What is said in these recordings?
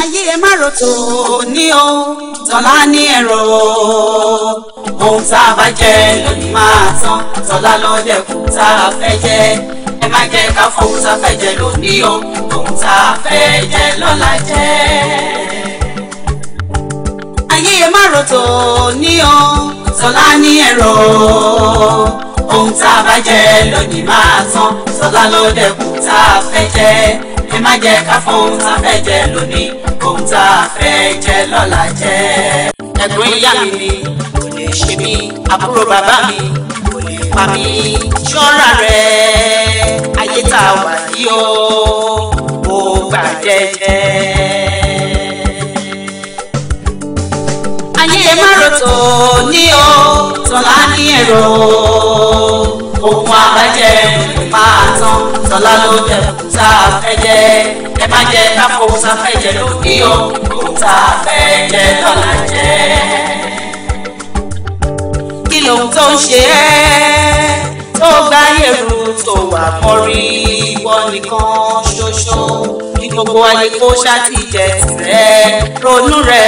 ayé ẹ má rò ní o tọ́lá ní ẹ̀rọ ohun tá a bá jẹ lónìí máa tán tọ́lá lọ́dẹ̀ kù tá a fẹ́ jẹ ẹ má jẹ ká fọwọ́ tá a fẹ́ jẹ lónìí o ohun tá a fẹ́ jẹ lọ́la jẹ. ayé ẹ má rò ní o tọ́lá ní ẹ̀rọ ohun tá a bá jẹ lónìí máa tán tọ́lá lọ́dẹ̀ kù tá a fẹ́ jẹ ẹ má jẹ́ ká fọ ohun tá a fẹ́ jẹ lónìí ohun tá a fẹ́ jẹ lọ́la jẹ. ẹ̀gbọ́n ìyá mi ni kò lè ṣe mí àbúrò bàbá mi kò lè pa mí ṣọ́ra rẹ̀ ayé tá a wà yìí o ò gbà jẹ́jẹ́. ayé má ní o tọ́lá ní èrò ohun àbájẹ́ òní pa àtàn sọlá ló jẹ tá a fẹ́ jẹ ẹ má jẹ káfọ tá a fẹ́ jẹ lónìí o tá a jẹ lọ́la jẹ. kí ló tó ń ṣe ẹ́ tó gbá yẹ̀rù tó wà kọ́rí ìwọ nìkan ṣoṣo ní gbogbo ayé kó ṣáàtì jẹ tìrẹ ronú rẹ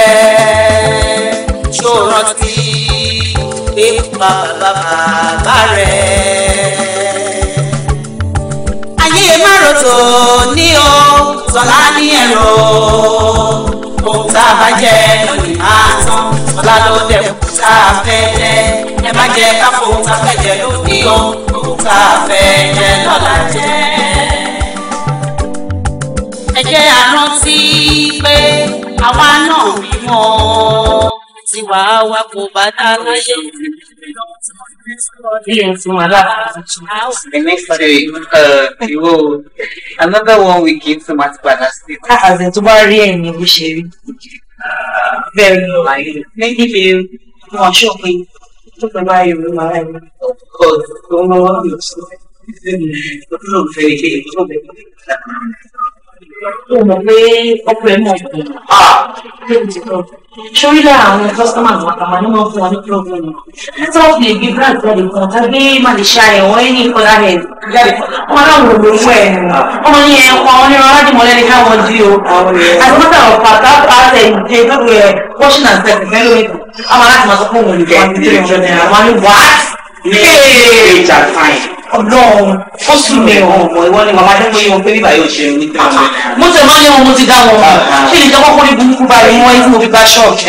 ṣó rántí pé bàbá bàbá rẹ ayé márùtò ní o sọlá ní ẹ̀rọ ohun tá a bá jẹ lónìí máa tán sọlá ló dẹkùn tá a fẹ́ jẹ ẹ má jẹ káfọ ohun tá a fẹ́ jẹ lónìí o ohun tá a fẹ́ jẹ lọ́la jẹ. ẹ jẹ́ àrántí pé àwa náà bímọ tí wàá wá kò bá dá láyé. Another one we give to Matipada State. Àṣẹ tó bá rí ẹ̀yìn ló ṣe rí. Very low. Many feel wọ́n ṣọ́ pé tó fẹ́ bá yòrò máa rẹ̀. Of course, tó ń lọ́wọ́ mi ò sí. Olóòfẹ́ ilé ìgbọ́dọ̀ bẹ̀rẹ̀ tó mọ̀ pé ọkọ̀ ẹ̀ mọ̀ ìgbọ̀n. sórí lára àwọn kọ́sítọ́mà àwọn àkàmà ni wọ́n fún wọn ní problem. nítorí wọ́n fi lè gbé brand jáde kan tàbí màdìṣà ẹ̀wọ̀n ẹni ìkọlá rẹ̀ jáde wọn náà wò ló mú ẹ̀ wọn ní ẹ̀ wọn ní wọn láti mọ̀lẹ́ ní káwọn jí o. àti wọ́n tàwọn pàtà pàtẹ ìdè gbogbo ẹ̀ washing and set mẹ́lòmí kan. àwọn aláàtì máa sọ fún òun olùkọ́ ní three hundred naira wọn ní wàá. ní ìjà fine. Ọlọ́run ó sùn mí ọ̀hún ọmọ ìwọ ni màmá dẹ́gbẹ́ yẹn pé bíbá yóò ṣe ní tẹ́ ọ̀sẹ̀. mo tẹ̀ máa ní ohun mo ti dá wọn mọ̀ ah, ah. kí ni ìjọba kọ́ni burúkú bá rẹ̀ wọ́n ikú mo fi bá ṣọ́ọ̀kì.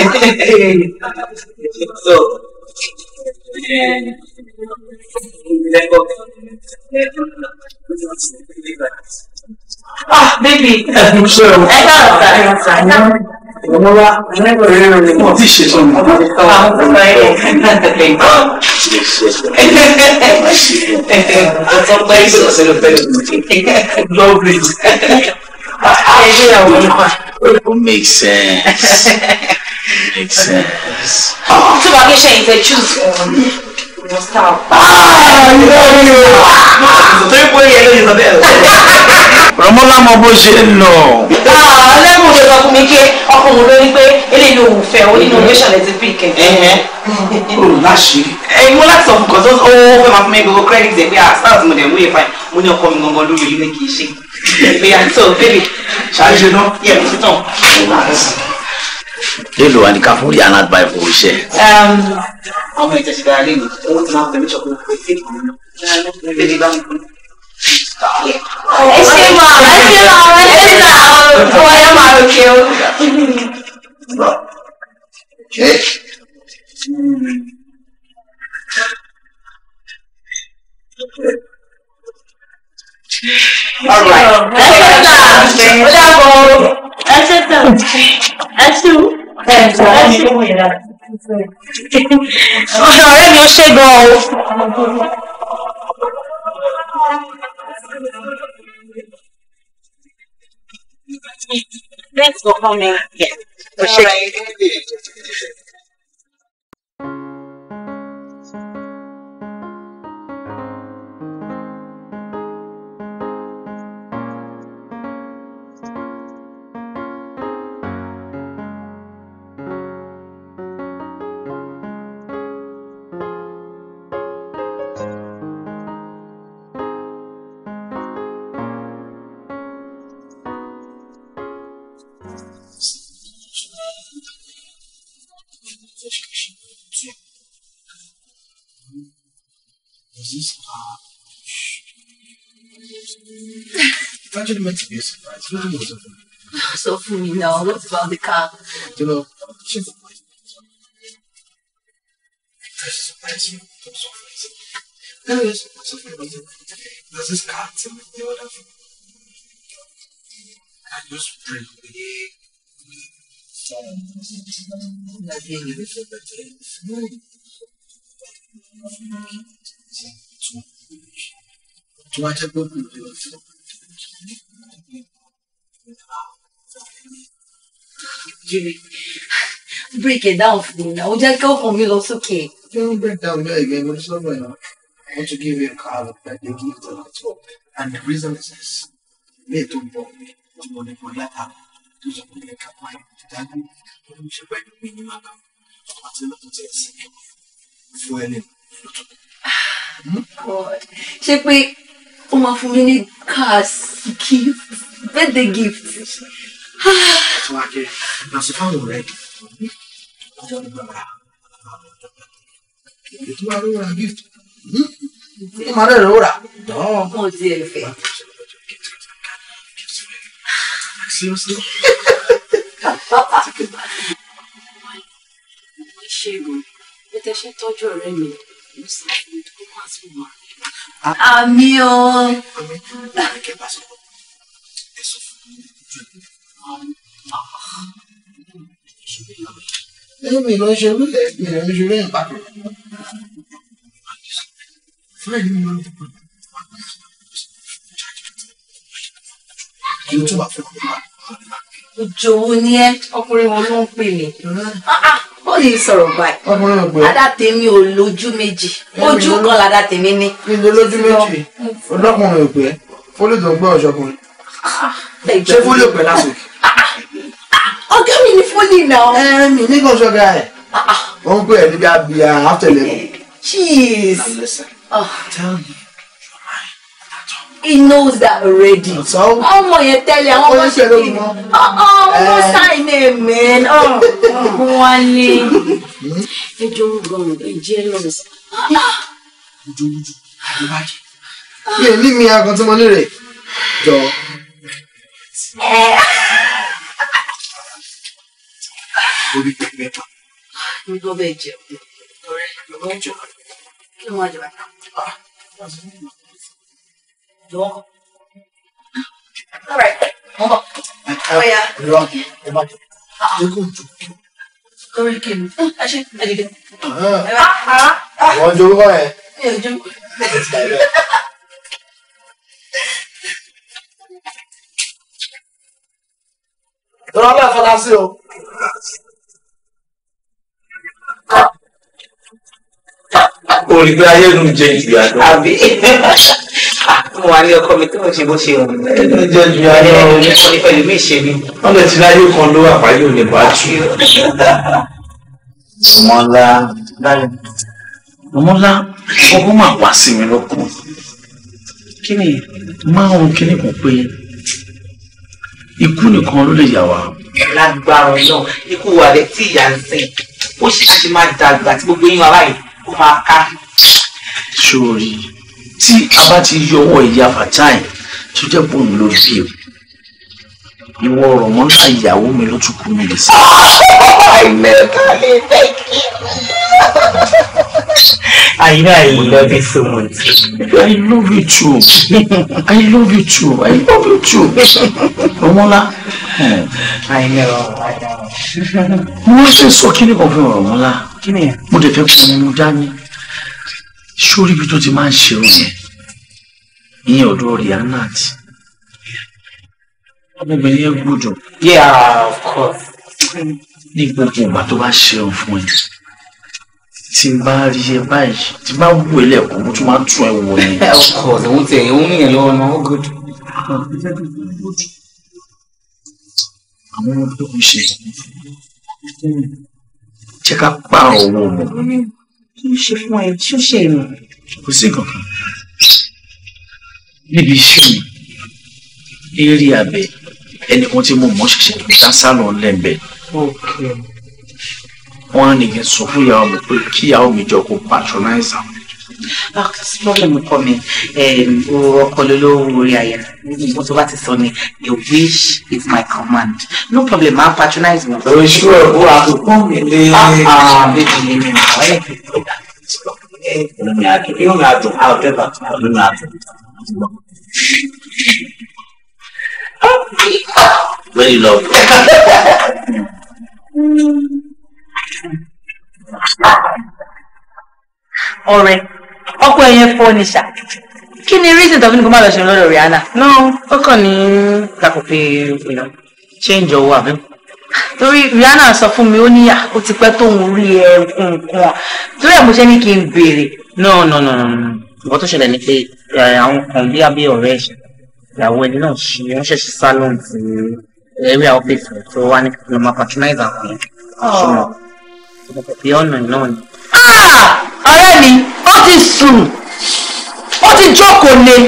ah baby ẹ káàárọ̀ sáà ẹ káàárọ̀ sáà. Mo wá ẹlẹ́gbẹ̀rẹ́ rẹ̀ ni mo ti ṣe sọ mi. Àwọn tó bá yẹ ẹ̀ ọ̀tọ̀ pẹ́ ìṣọ̀ṣẹ́ ló fẹ́ lọ́ọ̀bì. Ẹgbẹ́ ìyàwó nípa. It makes sense. It makes sense. Tí wàá kí ṣe ìfẹ́ choose. Você ficava. Ah, não! Só tô empunhando Isabela. Rọmọ lámọ bó ṣe ń lọ. Lẹ́mùn ló sọ fún mi pé ọkùnrin ló ní pé eléyìí ló wù fẹ́ onínú oníṣàlẹ̀ ti pín kẹ̀kẹ́. Olùláṣìírí. Ẹyin mo láti sọ fún kọ́sọ́ ó fẹ́ máa fún mi gbogbo credit ẹ̀ pé à stars mo dẹ̀ mú yẹn fine mo ní ọkọ mi gangan lórí ilé kì í ṣe. Ìgbéyàwó bébì. Ṣáà ṣe náà. Yẹ mo ti tàn. Olùláṣìírí. Lélo wa ni ká fún Rihanna gba ìfowó iṣẹ́. Ọmọ ìjẹ́ ṣe dára léyìn, owó tí máa ń tẹ̀mí ṣọ̀kan pé fíìmù mi náà. Lédi bá mi kú. Ẹ ṣe mọ̀, ẹ ṣe mọ̀, ẹ ṣe mọ̀, ọmọ ẹ máa rò kí o. All right. Ẹ ṣe tán, ó dàbọ̀, ẹ ṣe tán. ẹtù ẹtù ọ̀dọ̀ ọ̀rẹ́ mi ó ṣe gan go. Thanks for coming. Yeah. All right. actually meant to be a surprise. You know, so funny. So funny now. What about the car? You know, she surprised me. She surprised me. I'm so crazy. No, yes, I'm so crazy. There's this car thing with the other thing. I just pray. Too much of a good Jimmy, break it down for me now. Just go for me lọ sókè. Don't break down there again. but is not going on? I want to give you a card that they give to us. And the reason is this. They don't bother me. I'm going to go let them. Tó sọ pé ẹ̀ka máa ń dájú ló ń ṣe pẹ̀lú mi ní màkà àti lọ́tún tí ẹ̀ sí fún ẹni lọ́tún. Ah, God, ṣé pé ó máa cars gift birthday gift. Fúlákẹ́ àti fáwọn ọ̀rẹ́ ọjọ́ gbàgbà ètò wa ló ra gift ó máa rẹ̀ ló rà. Ọmọ ti ẹ̀ fẹ́. Seriously? Ṣégun, bí tẹ ṣe tọ́jú ọ̀rẹ́ mi, mo sọ fún mi kó má tún Àmì o. Èmi ló ń ṣe orí ọkùnrin wọn ló ń pè mí. Ah, ah ó lè sọ̀rọ̀ báyìí adátèmi ò lójú méjì ojú kan ládàtèmi ní. ìlú lójú méjì ọlọ́kùnrin òpè fólì tó ń gbọ́ ọ̀ṣọ́kùnrin ah, ṣé fólì òpè lásìkò. ọ̀gá mi ni fólì náà. ẹ mi ní kò sọ́gà ẹ̀ ah, ah. ó ń pè é níbi àbíyá àtẹlẹ́kùn. cheese. Oh. Tell me he knows that already. ọmọ yẹn tẹ́lẹ̀ àwọn ọmọ ṣe kí ni ah, ah, ọmọ eh. sign a man ah, wọn ni. Hmm? ẹjọ́ ń rọrùn bíi jealous. ojú ojú ló bá jẹ. mi ò ní mi àgàn tí mo ní rẹ̀ jọ. orí eh. pẹpẹ pa. mi gbọ́ bẹ́ẹ̀ jẹun ọ̀rẹ́ mi gbọ́ jọ kí ló máa jẹ bàtà jọ. mo bọ̀ ọ̀ya. lórí kí ni ẹ ṣe ẹ dìde. wọ́n jogún kọ́ ẹ̀. mi ò jogún. Dọ́lá fọlá sí o orí pé ayé nu jẹ ju àjọ. àbí mo wà ní ọkọ mi tó ń ṣe bó ṣe wù. ẹnu jẹ ju àjọ o. ẹni kọ́ni pẹ̀lú mi ṣe mi. wọ́n lè ti láyé kan ló wà pàyé òní bá jù. ọmọlá ọmọlá ọmọ máa wá sí mi lọ́kàn. kí ni máa ń kí ni kò pé ikú nìkan ló lè yà wá. lágbára náà ikú wà lẹ́tí ìyá ń sìn ó sì máa dàgbà tí gbogbo yín wà báyìí máa ká. sori tí a bá ti yọwọ́ ìyá fatai tó jẹ́ pòun ló bí o ìwọ ọ̀rọ̀ mọ́ náà ìyàwó mi ló tún kú mi lè sí. I love you so much. I love you too. I love you too. I love you too. Romola. I know. I know. Mo ṣe sọ kí ni kan fún Rọmọlá kí ni mo dẹ̀ fẹ́ kọ́ ọmọ dání sórí ibi tó ti máa ń ṣerun yẹn ìyẹn ọ̀dọ̀ rihanna àti ọmọbìnrin yẹn gbọ́dọ̀. yeah of course. ní gbogbo ìgbà tó bá ṣerun fún ẹ tí n bá rí ẹ báyìí tí n bá wù ẹ lẹ́ẹ̀kan mo tún máa tún ẹ wò ni. of course òun tẹ òun nìyẹn lọ́wọ́ náà ó good. àwọn ọmọ tó kù ṣe é jẹ́ ká pa owó mọ́. kí ló ṣe fún ẹ tí ó ṣe ìmọ̀. kò sí nǹkan kan níbi iṣẹ́ mi eré abẹ ẹnì kan tí mo mọ̀ ṣẹ̀ṣẹ̀ ní dásálọ̀ lẹ́ńbẹ̀. wọ́n á nìyẹn sọ fún ìyàwó mi pé kíyàwó mi jọ kó patronize àwọn back to problem ọkọ mi ọkọ ló orí àyà nǹkan tó bá ti sọ ni your wish is my command no problem ma patronize wọn. o ṣú ẹ bó àkókò mi lé. méjì lé mi nà ọ́ ẹ̀ kì í tó very love ọkọ ẹ̀yẹn fọ́ ni ṣá kí ni reason tọ́fin kó má lọ ṣe lọ́dọ̀ Rihanna. no ó kàn ní dàpọ̀ pé change owó àbí. torí Rihanna sọ fún mi ó níyà ó ti pẹ́ tóun rí ẹ nǹkan torí ẹ̀ mo ṣe ní kí n béèrè. no no no no nǹkan tó ṣẹlẹ̀ ni pé àwọn kan bí abẹ́ ọ̀rẹ́ ẹ̀ṣẹ̀ ìyàwó ẹni náà ṣe wọ́n ṣẹ̀ṣẹ̀ salon ti ẹ̀rí àwọn pèsè tó wá ní kí lọ́ọ́ máa patronize àwọn ọ̀ṣun náà ọ̀rẹ́ mi ti sùn ó ti jókòó lé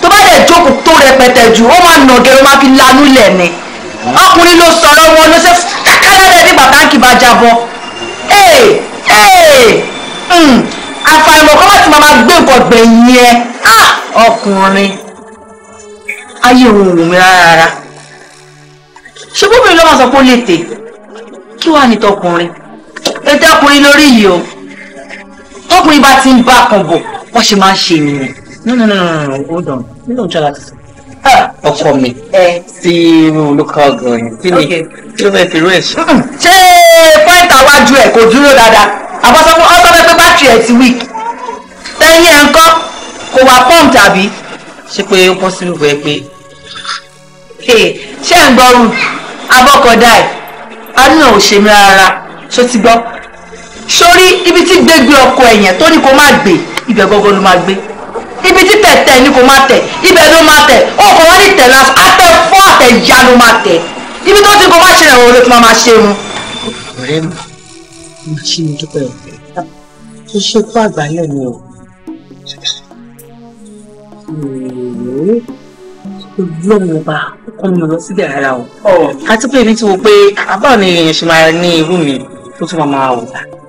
tó bá dẹ̀ jókòó tó rẹpẹtẹ jù ó máa nàgẹ́ ó máa fi lanú lẹ̀ ni ọkùnrin ló sọ̀rọ̀ wọn ló ṣe kákàrà rẹ̀ nígbà táǹkì bá jábọ́ ee ee hmm, àfàìmọ̀ kọ́ bá ti máa gbé nǹkan gbẹ̀yìn ẹ ah, ọkùnrin ayé òun wù mí rárá ṣé bóbìnrin ló máa sọ pé ó lè tè kí wàá ní tọkùnrin ètò ọkùnrin lórí yìí o tọkùnrin bá ti ń bá kan bọ̀ wọ́n ṣe máa ń ṣe nìyẹn no no no no hold on You don't ń ṣọlá ti sọ. ọkọ mi ti irun olókà ọgàn yẹn kí ni kí ló fẹ́ fi irú ẹ̀ ṣe. Hmm, ṣé pọ́ìntà wájú ẹ̀ kò dúró dáadáa àbọ̀sọ fún ọ́sọ́ fẹ́ pé bátìrì ẹ̀ ti wíìkì tẹ́yìn ẹ̀ ń kọ́ kò wá pọ́ǹ tàbí. ṣé pé ó pọ́sibú bẹ́ẹ̀ pé. ṣé ẹ̀ ń gbọ́rù abọ́kọ̀dá ẹ̀ adúlọ̀ ò ṣe mí rárá ṣó ti gbọ́ sórí ibi tí gbégbé ọkọ ẹ̀yẹn tó ní kó má gbé ibẹ̀ gọ́gọ́ ló má gbé ibi tí tẹ̀tẹ̀ ni kò má tẹ̀ ibẹ̀ ló má tẹ̀ ọkọ̀ wọn ní tẹ̀ lásán fọ́ àtẹ ìyá ló má tẹ̀ ibi tó ti kó má ṣe ẹ̀rọ ló ti má má ṣe wọn. ọ̀rẹ́ mi mo ṣe ní dúpẹ́ ọ̀fẹ́ tó ṣe fún àgbáyé mi o lóhùn ọba ọkọ mi ò lọ síbẹ̀ rárá o àti pé èmi ti wò pé àbáwọn èèyàn ṣe máa ní irú mi tó tún máa máa wò dáa.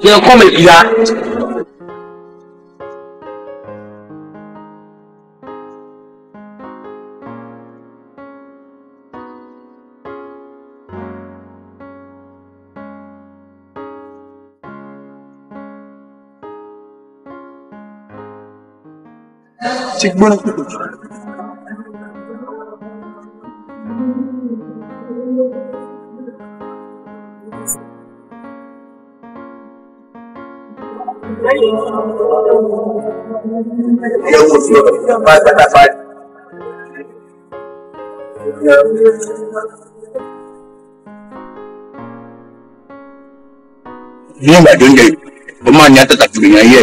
你又狂没逼啊！这不能胡说。ya mutu ba ta da fadi ní ìgbàdo ń jẹ ó máa ní àtàtà kìrìyàn yẹ.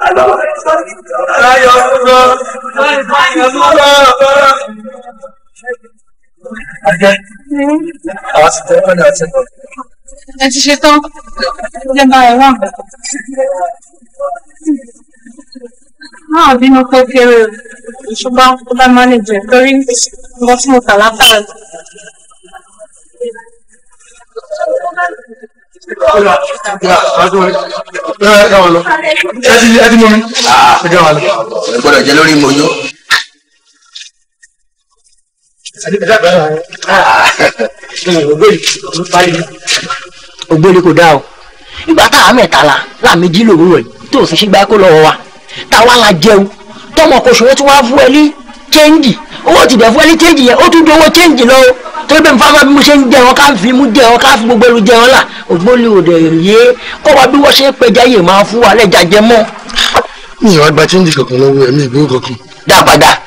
Ayọ̀ Ọ̀dà ìyá àtúntò ẹ ẹ káwọn lọ. Ẹ ti ẹ ti mú mi. Ẹ káwọn lọ. Ẹ gbọ́dọ̀ jẹ lórí mojó. Ògbóni kò dáa o. Nígbà táwa mẹ́tàlá láàmejì lòwúrọ̀ yìí tó sì ṣígbà ẹ kó lọ́wọ́ wa. Táwa la jẹun. Tọ́mọ kò ṣòwò tí wọ́n fún ẹ ní chẹ́ńgì owó ti dẹ̀ fún ẹni change yẹn ó tún di owó change lọ torí pé nfàfà bí mo ṣe ń jẹ wọn ká fi mú jẹ wọn ká fi gbogbo ẹrù jẹ wọn là ògbóni òde yé ọba bí wọ́n ṣe ń pẹja yìí máa fún wa lẹ́jà jẹ mọ́. mi ìwà gba change kankan lọ́wọ́ ẹ̀mí ìgbówó kankan. dá padà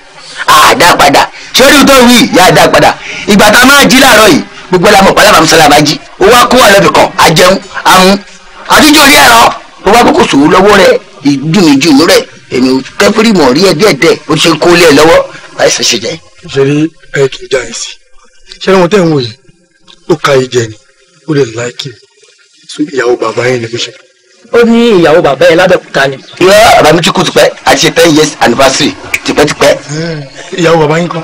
á dá padà sórí tó wí yá dá padà ìgbà tá a máa jí láàárọ̀ yìí gbogbo ẹ̀ la mọ̀ pàlà màmúsálà bá jí owó akówó àlọ́ bìkan àjẹun àmú àtijọ́ ní ẹ̀rọ owó akókò sòwò lọ́wọ́ rẹ̀ ìdùnnìjùnú rẹ̀ èmi kẹfìrì mọ̀ rí ẹ̀ díẹ̀díẹ̀ ó ti ṣe kólé ẹ̀ lọ́wọ́ àìsàn ṣe jẹ. ṣe rí ẹ tún já ẹ sí ṣe rí wọn tẹ́ ń wò yìí ó ka yìí jẹ ni ó lè láìkì ìyàwó bàbá yẹn ni bó ṣe. ó ní ìyàwó bàbá yẹn lábẹ́kúta ni. ìwé bàbá mi ti kú tipẹ́ ṣe ten years anniversary tipẹ́tipẹ́. ìyàwó bàbá yín kan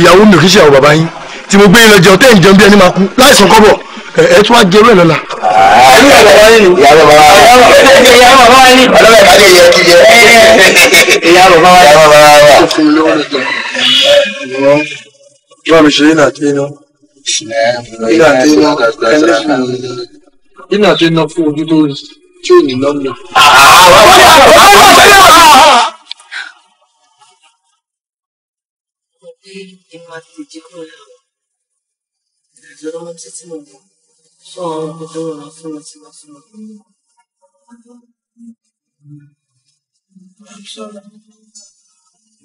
ìyàwó mi kì í ṣe ìyàwó bàbá yín tí mo gbé yín lọ jẹun tẹ́ ẹ̀ ń jẹun bí ẹni máa kú láìsàn kọ́bọ̀ ẹ tún wá jẹ ewé lọ́la. ìyàwó ah, bàbá yín ni ìyàwó bàbá yín ni ọlọ́wọ́ ìbálẹ̀ yẹ kí yẹ. ìyàwó bàbá yín ni Imam Shirina Tino. Ina Tino. Eh, Ina Tino fún ojú tó tí ò ní lọ́nà. Thank you.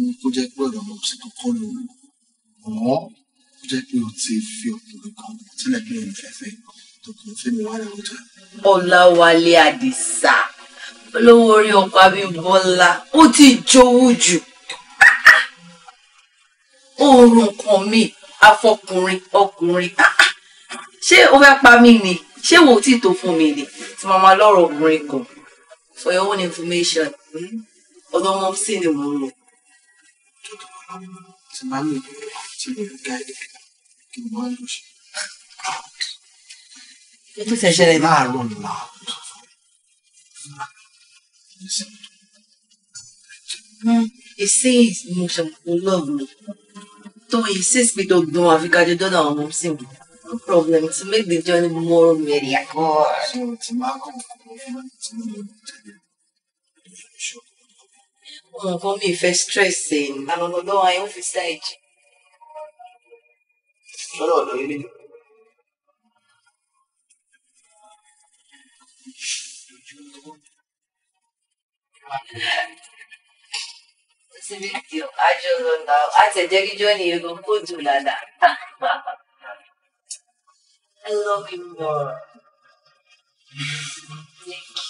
ni kó jẹ́ pé ọ̀dọ̀ ọmọkùnrin kan kọ́ ló wù ọ́ kó jẹ́ pé o ti fi ọkùnrin kan sílẹ̀ bí òun fẹ́fẹ́ tọkùnrin fẹ́ mi wá láwùjọ. Ọláwálé Àdìsá olówó orí ọkọ Abímbọ́lá ó ti jowú jù oorun kan mi afọkùnrin ọkùnrin ṣé o fẹ́ pa mí ni ṣé wo tí tó fún mi ni tí mo máa lọ́rọ̀ ọkùnrin kan for your own information ọ̀dọ̀ wọn sí ni mo lọ. semana tive que banhos. Depois é Jeremiah. Hum, e se não chama o nome? Tu insiste me do dom a ficar de dono, não sim. O problema é se me de Johnny Moro me iria agora. Sim, sim, sim. nǹkan mi ìfẹ́ stress ẹ̀yìn àlọ́lọ́ lọ́wọ́ ayé ń fi sá ìjì. lọ́dọ̀ ọ̀dọ̀ ilé. síbi tí àjọ lọ́la àtẹ̀jẹ́gíjọ́ ni èrò kò dùn lálá. I love you more. Thank you.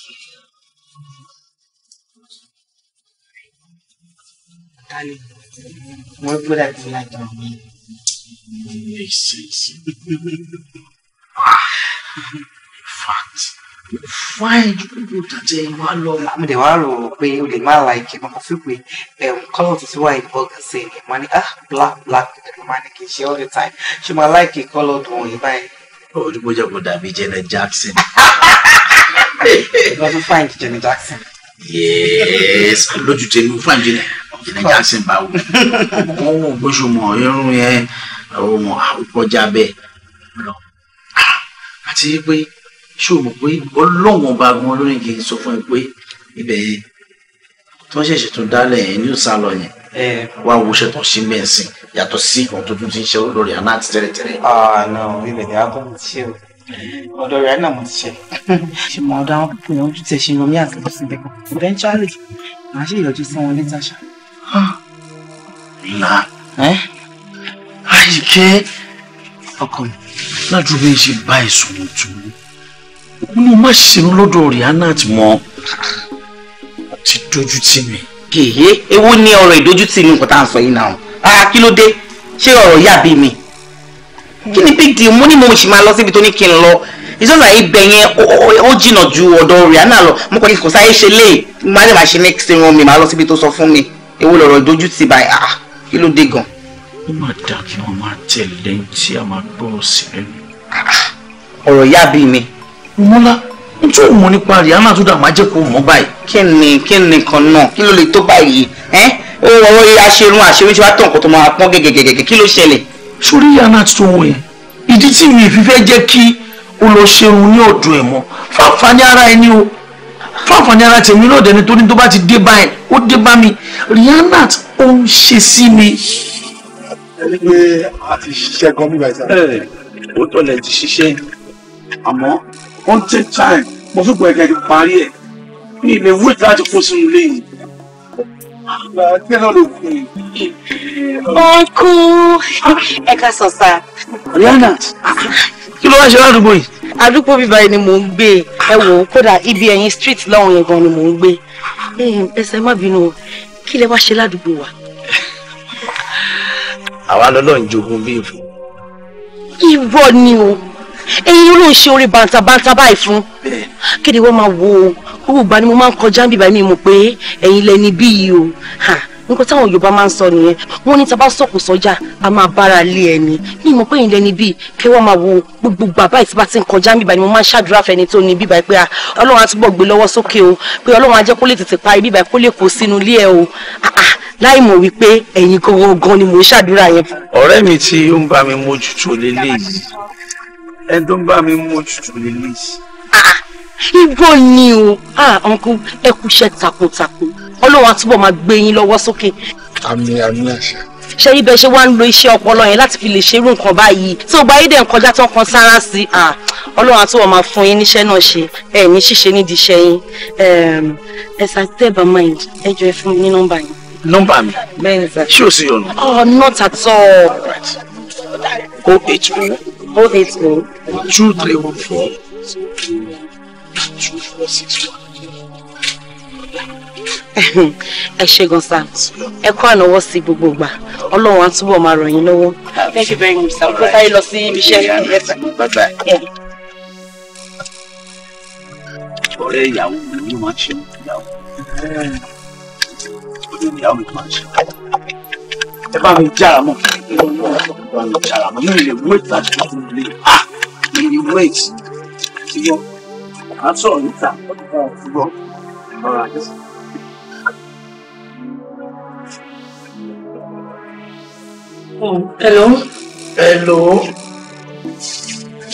kálí wọn gbọ́dọ̀ tó yàtọ̀ mi. in fact fine ju gbogbo jàjẹ ìwà lọ. àmì dẹ̀ wá rò ó pé o lè má like ẹ̀ mọ̀kàn fún pé kọ́lọ̀ tuntun wà ní bọ́ọ̀gà sí ni wọ́n ní ah black black ẹ̀rọ máa ní kì all the time ṣé máa like kọ́lọ̀ dùn òyìn báyìí. olùgbòjọ́ kò dàbí Janet Jackson. lọ́dún fine ju Janet Jackson yes lójú tèmi fún àjẹnẹ àjẹnẹ johnson báwo wọn wò bóṣù mọ irun yẹn ọmọ àkọjá bẹ́ẹ̀ lọ àti pé ṣé pé ọlọ́wọ́n bá gan lórí kì í sọ fún ẹ pé ibẹ̀ yẹn tó ṣẹ̀ṣẹ̀ tó dálẹ̀ yẹn ní ìsàlọ̀ yẹn wá wo ṣe tó ṣe mẹ́sìn yàtọ̀ sí ọ̀tún ti ń ṣe lórí àná àti tẹ́lẹ̀tẹ́lẹ̀. àná ah, ilẹ̀ yàtọ̀ ti ṣe o ọ̀dọ̀ rẹ̀ náà mo ti ṣe. ṣe mọ ọ̀dọ̀ àwọn pípọ̀ yẹn ojú tẹ̀ ṣe yomi àti lọ síbẹ̀ kan eventually màá ṣe ìyọjú sí wọn létà ṣá. ńlá àyíké ọkọ mi ládùúgbò yìí ṣe bá ìṣòro tù mí ó ní o má ṣe ń lọ́dọ̀ rihanna àti mọ́ ti dojú tì mí. kèé ewu ni ọ̀rọ̀ ìdójútì ní nǹkan tá à ń sọ yìí náà kí ló dé ṣé ọ̀rọ̀ yàbí mi kí ni big deal mo ní mo sì máa lọ síbi tó ní kí n lọ ìjọba ibẹ̀ yẹn ó jìnnà ju ọ̀dọ̀ Rihanna lọ mo kàn ní kò sáyé ṣe lé má lè má ṣe next thing wọn mi má lọ síbi tó sọ fún mi èwo lọ̀rọ̀ ìdójú ti báyìí ah kí ló dé gan. ó mà dà kí wọn máa tẹ̀lé ń tí a máa gbọ́ sí lẹ́nu. ọ̀rọ̀ ìyá bí mi. mọ́lá n tún mọ̀ nípa Rihanna tó dà má jẹ́ kó mọ̀ báyìí. kí ni kí ni kan náà kí ló lè tó báyìí ẹ́ ọ̀rọ̀ aṣerun aṣerun ṣe wá tán nǹkan tó máa pọ́n gẹ́gẹ́gẹ́gẹ́ kí ló ṣẹlẹ̀ sórí yàrá tó wọ yẹn ìdí tí mi fi fẹ́ jẹ́ kí o lọ ṣerun ní ọ̀dọ̀ ẹ̀ e mọ́ fáfani ara ẹni o fáfani ara tèmi náà dẹni tó ní tó bá ti dé bá ẹ e, ó dé bá mi Rihanna ó ń ṣe sí mi. ẹni pé a ti ṣiṣẹ́ gan bíbá ìta. ẹ ò tọ́lẹ̀ ti ṣiṣẹ́ àmọ́ ó take time mo fún gbọ̀ngàn ti parí ẹ̀ mi ì lè wait láti kó sínú lẹ́yìn ọkọ ẹ ká sọ sá. rihanna kí ló wá ṣe ládùúgbò yìí. àdúgbò bíbá ni mò ń gbé ẹ wò ó kódà ibi ẹ̀yìn street lọ́hùn yẹn gan ni mò ń gbé ẹsẹ̀ má bínú kí lẹ wá ṣe ládùúgbò wa. àwa lọ́lọ́run jogún bí ìfún. ìwọ ni o èyí ló ń ṣe orí bàǹtàbàǹtà báyìí fún. bẹ́ẹ̀ kéde wọ́n máa wo gbogbo ìgbà ni mo máa ń kọjá ń bíbá mi mọ̀ pé ẹ̀yin lẹni bí yìí o nǹkan táwọn yorùbá máa ń sọ nìyẹn wọn ní taba sọkò sọjà a máa bára lé ẹni ní ìmọ̀ pé ìyìn lẹni bíi kí wọ́n máa wo gbogbo bàbá ìtìbá ti ń kọjá níbà ni mo máa ń ṣàdúrà fẹ́ni tó ní bíbá pé ah, ọlọ́run á gbé lọ́wọ́ sókè o pé ọlọ́run á kó lè tètè parí bíbá kó lè kó sínú ilé ẹ o ah, ah, láì mọ̀ wípé ẹ̀yin gangan ni mò ń ṣàdúrà yẹn. ọ̀rẹ́ mi tí ó ń bá mi mójútó lélẹ́yìí ẹni tó ń bá mi mójútó lélẹ́yìí ibo ni o ah uncle ẹ kúṣẹ́ takuntakun ọlọ́run àtúbọ̀ máa gbé yín lọ́wọ́ sókè. àmín àmín àṣẹ. ṣẹ́yìn bẹ́ẹ̀ ṣe wá ń lo iṣẹ́ ọpọlọ yẹn láti fi lè ṣe irú nǹkan báyìí tí o gba ayé dẹ̀ ń kọjá tán kan sára sí i ah ọlọ́run àtúbọ̀ máa fún yín níṣẹ́ náà ṣe ẹ ní ṣíṣe nídìí iṣẹ́ yín ehm, ẹ sàtẹ́bà mind ẹ jọ ẹ fún mi ní nọ́mbà yín. nọ́mbà mi ṣé o sì yọnu. oh not at all. o oh eight o. Oh. o oh eight o. two three one four ẹ ṣe gan sa ẹ kọ́ ànáwọ́ sí gbogbo ìgbà ọlọ́run á túbọ̀ máa ràn yín lọ́wọ́. thank you very much sir. mo sáré lọ sí ibi iṣẹ́. ọ̀rẹ́ ìyàwó mi ló máa ń ṣe ìyàwó ìyàwó mi máa ń ṣe ẹ bá mi jára mọ́ ẹ bá mi jára mọ́ mi lè wait láti tún lè ah mi ò wait à ń sọ̀rọ̀ níta ṣùgbọ́n ọ̀rọ̀ àjẹsí. Hello. Hello.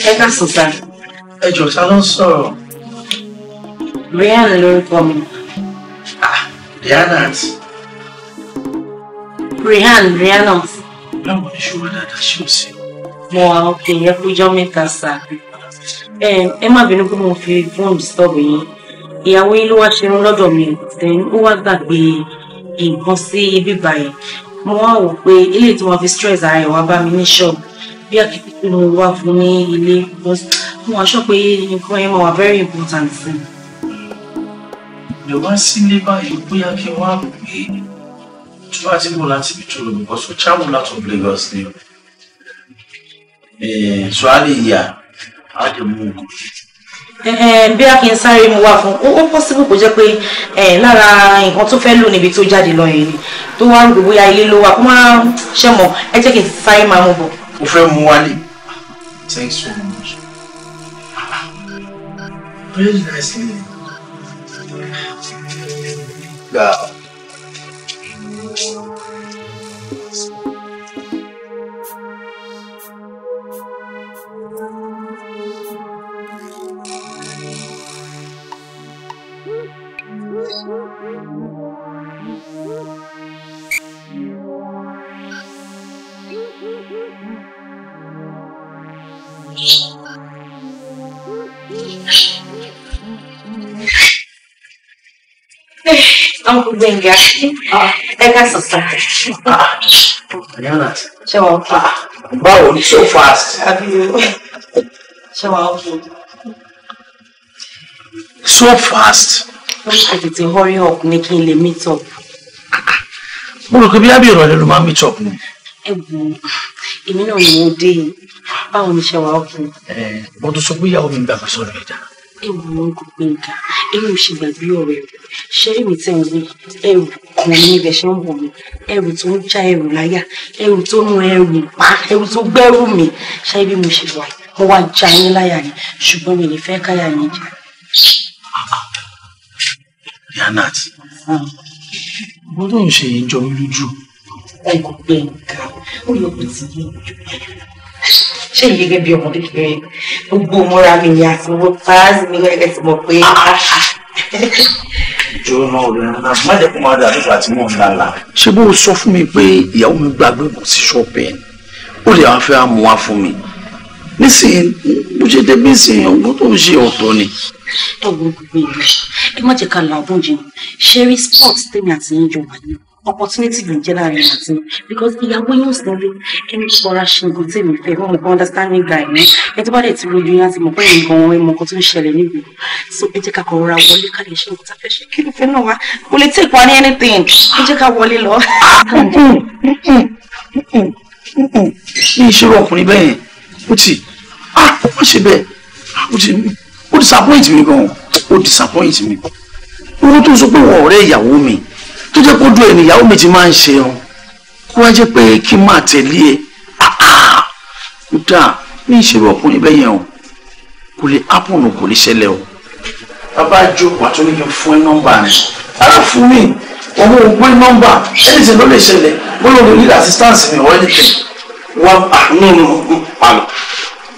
Ẹ ká sọ̀tà. Ẹ jọ̀ọ́ ta ló ń sọ̀rọ̀? Rihanna lórúkọ Ah, Rihanna. Rihanna Rihanna. Báwo ni ṣé wọ́n dáadáa ṣe ò sí? Mo wà ókè yẹ kó ẹ má bínú pé mo fi fóònù disturb yín ìyàwó yín ló wá ṣerun lọ́dọ̀ mi then ó wá gbàgbé nǹkan sí ibi báyìí mo wá wò pé ilé tí wọ́n fi stress ara ẹ̀ wá bá mi ní ṣọ́ọ̀bù bí akékeré mo wá fún ní ilé mo wá sọ pé nǹkan yẹn wà very important sí mi. mi wá sílé báyìí bóyá kí n wá rò pé tí wàá ti mú láti ibi tó lò because ó travel out of Lagos ni so a lè yà a jẹ mú nǹkan ṣíṣú. bí a kì í sáré mu wá fún ó pọ́sibú kó jẹ́ pé lára nǹkan tó fẹ́ lò níbi tó jáde lọ yẹn ni tó wá rògbò bóyá ilé ló wà kó má ṣe mọ̀ ẹ jẹ́ kí n sáré máa mú bọ̀. mo fẹ́ mú wálé. thanks so much. very nice Yeah. Uncle Benga, ẹ ká sọ̀tà. Ayana. Ṣé wàá fò? Báwo ni so fast? Ṣé wàá fò? So fast. Wọ́n ṣe tètè hurry up ní kí n lè meet up. Mo rò pé bí ábí ìrọ̀lẹ́ ló máa meet up ni. Ẹ wo, èmi náà ni mo dé. Báwo ni ṣe wàá fò? Mo tún sọ pé ìyàwó mi ń gbàgbọ́ sọ̀rọ̀ ẹ̀dá ẹ wù wọn kò gbẹ̀ngà èmi ò ṣe gbàgbé ọ̀rẹ́ rẹ̀ ṣé èmi tẹ̀ ń rí ẹrù kan níbẹ̀ ṣe ń wò mí ẹrù tó ń já ẹrù láyà ẹrù tó mú ẹrù pa ẹrù tó gbẹ́rù mi ṣé bí mo ṣe wà mo wá já yín ni ṣùgbọ́n mi ní fẹ́ káyà yín jà. Rihanat ṣe ìjọ lójú. ẹ kò gbẹ̀ngà ó yọ kó ti yé ojú ẹ ṣé ìyí gẹ́gẹ́ bí ọmọ kékeré gbogbo múra mi ni àti gbogbo páàsì mi gẹ́gẹ́ ti mọ̀ pé. Ah, ah, ah, jọ̀wọ́ obìnrin náà má jẹ́ kó máa dà nípa tí mò ń lálà. ṣé bó o sọ fún mi pé ìyàwó mi gbàgbé kò sí ṣọ́ọ̀bù ẹ̀ ó lè wá fẹ́ mú wá fún mi nísìnyí bó ṣe dé nísìnyí ọgbọ́n tó ń ṣe ọ̀tọ̀ ni. tọ́gbọ́n gbogbo ìlú ẹ má jẹ́ ká làágùn jẹun ṣe rí sports tèmi àti jọ wà yìí opportunity in general, láàrin àti because ìyàwó yóò sọ pé ẹni kọ́ra ṣe nǹkan tí èmi fẹ́ wọn nǹkan understanding guy ni ẹ tó bá dẹ̀ ti rojú yẹn àti mọ̀ pé nǹkan wọn mọ̀ nǹkan tó ń ṣẹlẹ̀ níbi so ẹ jẹ́ ká kọ̀ rọra wọlé ká lè ṣe nǹkan tá a fẹ́ ṣe kí ló fẹ́ náà wá kò lè take one anything ẹ jẹ́ ká wọlé lọ. ní ìṣòro ọkùnrin bẹ́ẹ̀ ó ti ah má ṣe bẹ́ẹ̀ ó ti ó disappoint mi gan-an ó disappoint mi owó tó sọ pé wọ́n ọ̀rẹ́ ìyàwó tó jẹ́ kó dùn ènìyàwó mi ti máa ń ṣe o kó wá jẹ́ pé kí n máa tẹ̀lé ẹ kódà ní ìṣèlú ọkùnrin bẹ́ẹ̀ yẹn o kò lè ápùnù kò lè ṣẹlẹ̀ o. bàbá jó pàtó ní kí n fún ẹ nọ́mbà ni ara fún mi owó gbé nọ́mbà ẹni tí ló lè ṣẹlẹ̀ ó lọ rí assistance mi ọ̀rẹ́ tẹ̀ wá àánú nù palọ̀.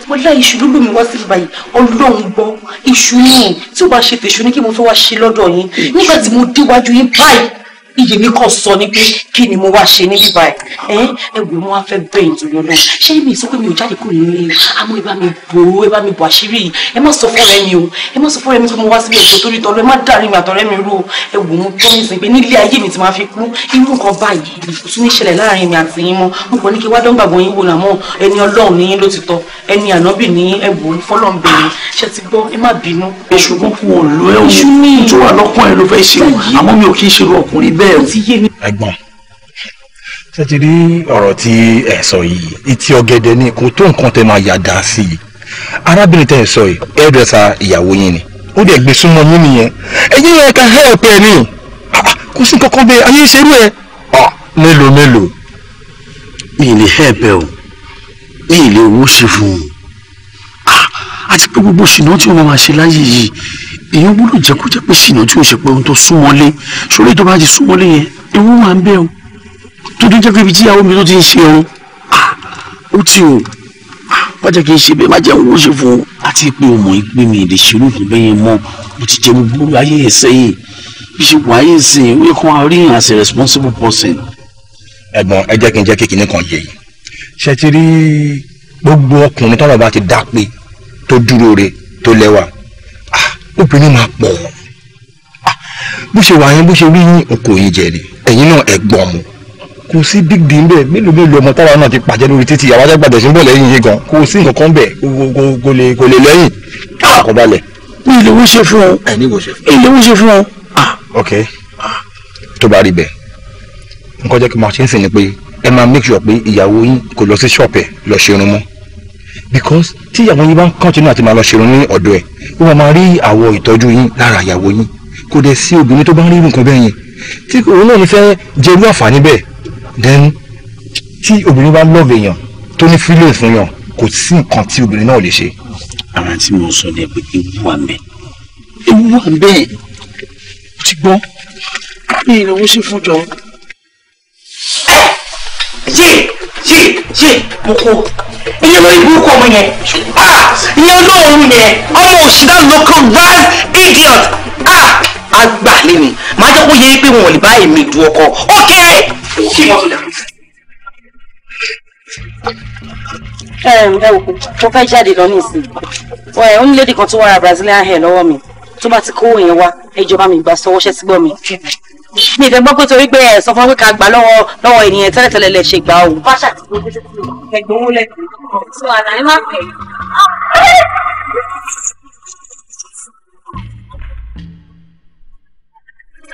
mo dá iṣu ló lómi wá sí báyìí ọlọ́run gbọ́ iṣu yìí tí ó bá ṣe tèṣu ní kí mo tó wá ṣe lọ́dọ̀ yín nígbà tí mo déwájú yín báyìí iye mi kàn sọ ni pé kí ni mo wá ṣe ní bíbá ẹ mo wá fẹ́ bẹyìn torí Ọlọ́run ṣé ibi ìsọpẹ mi ò jáde kúrò nílé àmọ́ ẹ mi bò ó ẹ mi bò àṣírí yìí ẹ má sọ fọrẹ mi o ẹ má sọ fọrẹ mi pé mo wá síbi ètò torí tọrọ ẹ má dàrí mi àtọrẹ mi rú o ẹ wò mo tọ́ nísìnyí pé nílé ayé mi ti máa fi kú irú nǹkan báyìí tún ní ṣẹlẹ̀ láàrin mi àti yín mọ́ mo kàn ní kí wá dọ́gbàgbọ́ ẹ ò ti yé mi. ẹ̀gbọ́n ṣe ti rí ọ̀rọ̀ tí ẹ sọ yìí etí ọ̀gẹ̀dẹ̀ ni kò tó nǹkan tẹ́ máa yàda sí i arábìnrin tẹ́ ẹ sọ yìí ẹ̀ẹ́dẹ̀sà ìyàwó yín ni ó dẹ̀ gbé súnmọ́ mú nìyẹn ẹ̀yìn yẹn ká help ẹ ní ah, ah, kò sí kankan bẹ́ẹ̀ ayé ṣerú ẹ ah, mélòó mélòó. mi ì lè help ẹ o mi ì lè owó ṣe fún un àti pé gbogbo ṣìnà tí wọn máa ṣe láyé yìí èèyàn gbọ́dọ̀ jẹ́ kó jẹ́ pé ṣìnà tí o ṣe pé ohun tó súnmọ́lé sórí tó bá ti súnmọ́lé yẹn ewu wà ń bẹ́ o tó tún jẹ́ pé ibi tí ìyàwó mi tó ti ń ṣe ọ̀run ó ti o má jẹ́ kí n ṣe bẹ́ẹ̀ má jẹ́ n wọ́n ṣe fún o àti pé o mọ̀ ẹ́ pé mi lè ṣerú ìlú bẹ́ẹ̀ yẹn mọ́ mo ti jẹ́ gbogbo ayé ẹ̀ sẹ́yìn bí ṣe wà ayé sẹ́yìn ó yẹ kó a rí yàn as a responsible person. ẹ̀gbọ́n ẹ jẹ́ kí n jẹ́ kékeré kan yẹ yìí ṣe ti rí gbogbo ọkùnrin tọ́lọ̀ bá ti dá pé tó dúró re tó lẹ́wà obìnrin máa pọ̀ bó ṣe wà yín bó ṣe rí yín oko yín jẹ ni ẹ̀yin náà ẹ̀gbọ́n mu kò sí big deal bẹ́ẹ̀ mélòó mélòó ọmọ táwa náà ti pàjẹ́ lórí títì àwọn ajágbàdẹ̀ sí ń bọ̀ lẹ́yìn yín gan kò sí nǹkan bẹ́ẹ̀ kò lè kò lè lẹ́yìn ah! kò balẹ̀. ní ilé wo ṣe fún ọ ẹni wo ṣe fún ọ ilé wo ṣe fún ọ. Ah, ok tó bá rí bẹ́ẹ̀ nǹkan jẹ́ kí n máa ṣe ń sìn ni pé ẹ máa make sure pé ìyàwó yín kò lọ sí ṣọ́ọ̀pù ẹ̀ lọ ṣerun mọ́ because tí ìyàwó yín bá ń kọ́ntínú àti máa lọ ṣèrun ní ọ̀dọ̀ ẹ̀ ó máa máa rí àwọ̀ ìtọ́jú yín lára ìyàwó yín kò dẹ̀ sí obìnrin tó bá ń rí irú nǹkan bẹ́ẹ̀ yẹn tí òun náà ní fẹ́ jẹ irú àǹfààní bẹ́ẹ̀ then tí obìnrin bá love èèyàn tó ní fílẹ̀ fún yàn kò sí nǹkan tí obìnrin náà lè ṣe. ara tí mo sọ ni pé ewu wà mẹ ewu wà bẹ́ẹ̀ ti gbọ́ bí ìnáwó ṣe fún jọ ṣe mo kó ìyẹn lórí burúkú ọmọ yẹn ah ìyẹn olóòórùn yẹn ọmọ òṣìdá local rat idiot ah àgbà lẹ́nu màá jẹ́ kó yẹ pé wọn ò lè bá èmi du ọkọ ok. ẹ wò mo fẹ́ jáde lọ ní ìsìn ẹ ó ní lédi kan tó wá ra Brazilian hair lọ́wọ́ mi tó bá ti kówó yẹn wá ẹ jọba mi gbà sọwọ́ṣẹ́ sígbọ́ mi mi ìfẹ́ gbọ́ torí pé ẹ̀ fún wíkà gbà lọ́wọ́ lọ́wọ́ ènìyàn tẹ́lẹ̀tẹ́lẹ̀ lè ṣe gbà o.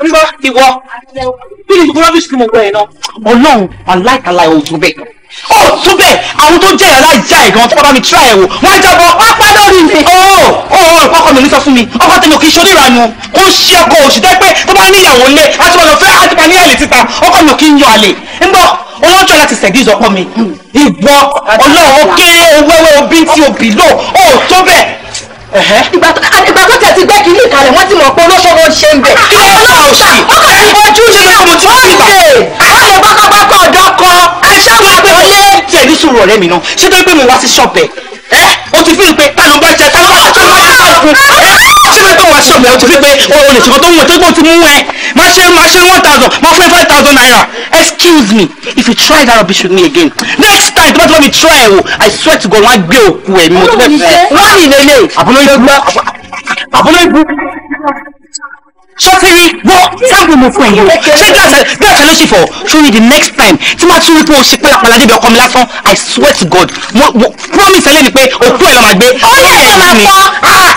ń gbọ́ ìwọ kí ni gbogbo rọ́bìsì kí gbọ́ yẹn náà ọlọ́run aláìkàlà òtún bẹ́ẹ̀ ó tún bẹ́ẹ̀ àwọn tó jẹ́ ìyàrá ìjà ẹ̀ gan tó bá bá mi tíra ẹ̀ wò wọ́n á jábọ̀ wọ́n á padà rí mi. ó ó ọkọ mi ò ní sọ fún mi ọkọ tèmi ò kì í ṣorí ìranu ó ṣe ọkọ oṣù tẹ́ pé tó bá ní ìyàwó lé àti wọn lọ fẹ́ àti pa ní àlè títa ọkọ mi ò kì í yan àlè ńgbọ́ olóńtọ́ láti sẹ̀díìsì ọkọ mi ìgbọ́ ọlọ́run ké owówó obi tí obì lò ó tó bẹ́ẹ̀ ìgbà tó tẹ̀ ti gbẹ́ kínní ìkàlẹ̀ wọ́n ti mọ̀ pé olóṣogbo ṣe ń bẹ̀. kí ló ń lọ òṣì. ọkọ ojúṣe ọmọ tí wọ́n gbà. àwọn bákọ́bákọ́ ọ̀dọ́ kan àṣà máa bẹ̀ wọlé. tí ẹ̀rí sùúrù ọ̀rẹ́ mi náà ṣé tó pé mo wá sí ṣọ́ọ̀bẹ̀ ẹ́ o ti fi pé tanu bá jẹ tanu bá jẹ fún ẹ́ ṣé bẹ́ẹ̀ tó wá ṣọ́ọ̀bẹ̀ o ti fi pé o lè ṣùgbọ́n tó ń wọ tẹ́gbọ́n ti mú ẹ máa ṣe máa ṣe one thousand máa fẹ́ five thousand naira excuse me if you try that rubbish with me again next time tó bá ti bá mi try o I swear to God wọ́n á gbé òkú ẹ̀ mi mo ti fẹ́ fẹ́ wọ́n ní ilé ilé àbúrò ìbú àbúrò ìbú sọtiri wọ sáàbù mo fún ẹyẹ ṣé bí ọ̀sẹ̀ bí ọ̀sẹ̀ ló ṣì fọ sórí the next time tí máa tún rí pé o ṣe pálapàla débi ọkọ mi lásán i swear to god mo mo promise ẹlẹ́ni pé òkú ẹ̀ lọ́ máa gbé ọ̀rẹ́ ẹ̀ mi o ah!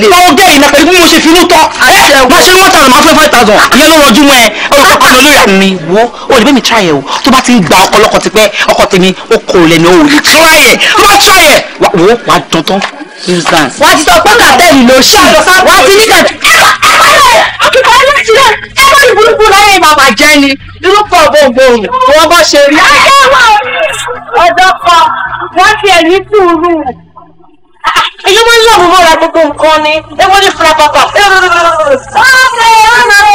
lè tọ́wọ́ gẹ́ ìná pẹ̀lú bí mo ṣe finú tọ́ eh, ẹ bá ṣe ní one thousand máa fún ẹ five thousand ìyẹn ló rọjú mọ́ ẹ ọkọ mi olóyè mi wo o mi try ẹ o tó bá ti ń gba ọkọ lọ́kọ tipẹ́ ọkọ tèmi o kò lẹ́nu o lè try ẹ tó try ẹ wo wàá dantan use dance. wọ́n ti sọ pé kàtẹ́ẹ̀lì ló ṣì wọ́n ti ní kàtẹ́ẹ̀lì ọ̀rẹ́ ti rẹ̀ kábàárì burúkú láyé máa máa jẹ́ ni irúfọ́ gbòǹgbòǹ wọn bá ṣe rí. ọ̀dọ́ kan wọ́n ti ẹ̀yìn túrú. èyí máa ń lọ́ọ̀bù mọ́ra gbogbo nǹkan ni ewé ní fúra pàpà. ọ̀sẹ̀ ọ̀nà